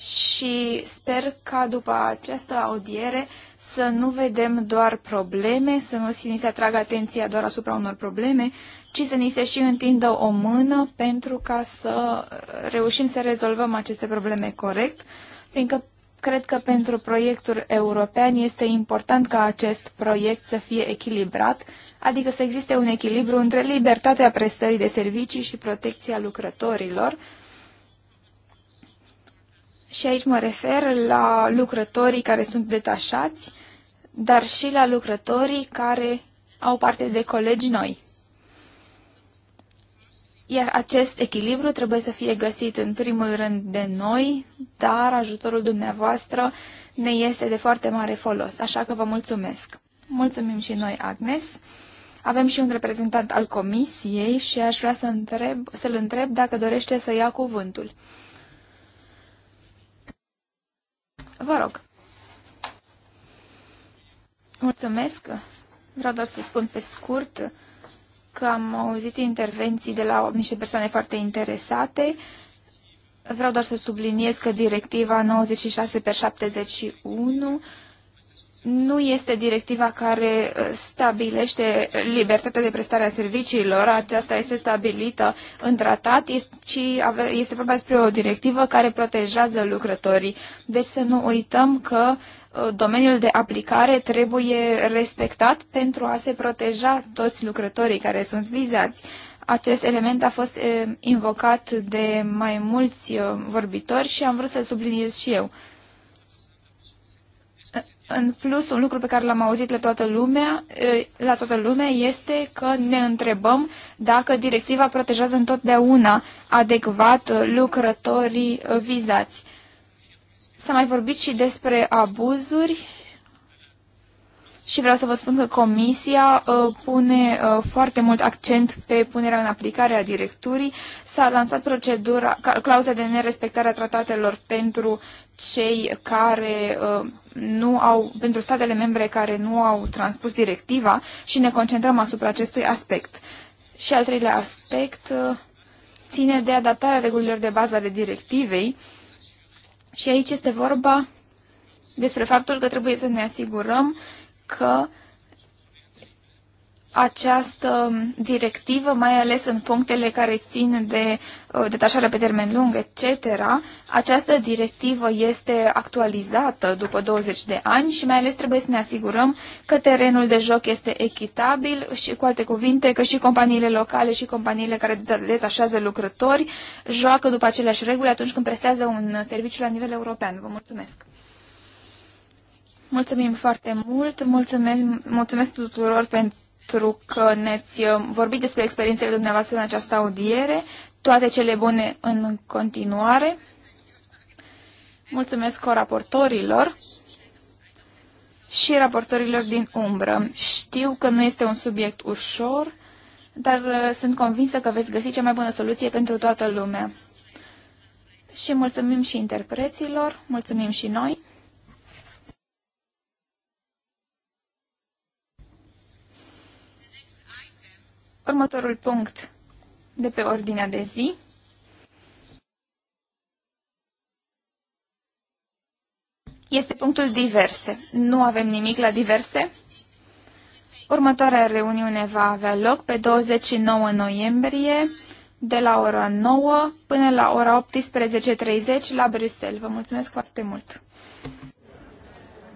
și sper ca după această audiere să nu vedem doar probleme, să nu ni se atragă atenția doar asupra unor probleme, ci să ni se și întindă o mână pentru ca să reușim să rezolvăm aceste probleme corect, fiindcă cred că pentru proiectul european este important ca acest proiect să fie echilibrat, adică să existe un echilibru între libertatea prestării de servicii și protecția lucrătorilor, și aici mă refer la lucrătorii care sunt detașați, dar și la lucrătorii care au parte de colegi noi. Iar acest echilibru trebuie să fie găsit în primul rând de noi, dar ajutorul dumneavoastră ne este de foarte mare folos, așa că vă mulțumesc. Mulțumim și noi, Agnes. Avem și un reprezentant al comisiei și aș vrea să întreb, să-l întreb dacă dorește să ia cuvântul. Vă rog. Mulțumesc. Vreau doar să spun pe scurt că am auzit intervenții de la niște persoane foarte interesate. Vreau doar să subliniez că directiva 96 pe 71 nu este directiva care uh, stabilește libertatea de prestare a serviciilor, aceasta este stabilită în tratat, ci este vorba despre o directivă care protejează lucrătorii. Deci să nu uităm că uh, domeniul de aplicare trebuie respectat pentru a se proteja toți lucrătorii care sunt vizați. Acest element a fost uh, invocat de mai mulți vorbitori și am vrut să subliniez și eu. În plus, un lucru pe care l-am auzit la toată, lumea, la toată lumea este că ne întrebăm dacă directiva protejează întotdeauna adecvat lucrătorii uh, vizați. S-a mai vorbit și despre abuzuri și vreau să vă spun că Comisia uh, pune uh, foarte mult accent pe punerea în aplicare a directurii. S-a lansat procedura, clauza de nerespectare a tratatelor pentru cei care uh, nu au, pentru statele membre care nu au transpus directiva și ne concentrăm asupra acestui aspect. Și al treilea aspect uh, ține de adaptarea regulilor de bază ale directivei și aici este vorba despre faptul că trebuie să ne asigurăm că această directivă, mai ales în punctele care țin de uh, detașare pe termen lung, etc., această directivă este actualizată după 20 de ani și mai ales trebuie să ne asigurăm că terenul de joc este echitabil și, cu alte cuvinte, că și companiile locale și companiile care detașează lucrători joacă după aceleași reguli atunci când prestează un serviciu la nivel european. Vă mulțumesc! Mulțumim foarte mult, mulțumesc, mulțumesc tuturor pentru că ne-ați uh, vorbit despre experiențele dumneavoastră în această audiere. Toate cele bune în continuare. Mulțumesc coraportorilor și raportorilor din umbră. Știu că nu este un subiect ușor, dar uh, sunt convinsă că veți găsi cea mai bună soluție pentru toată lumea. Și mulțumim și interpreților, mulțumim și noi. Următorul punct de pe ordinea de zi este punctul diverse. Nu avem nimic la diverse. Următoarea reuniune va avea loc pe 29 noiembrie de la ora 9 până la ora 18.30 la Bruxelles. Vă mulțumesc foarte mult!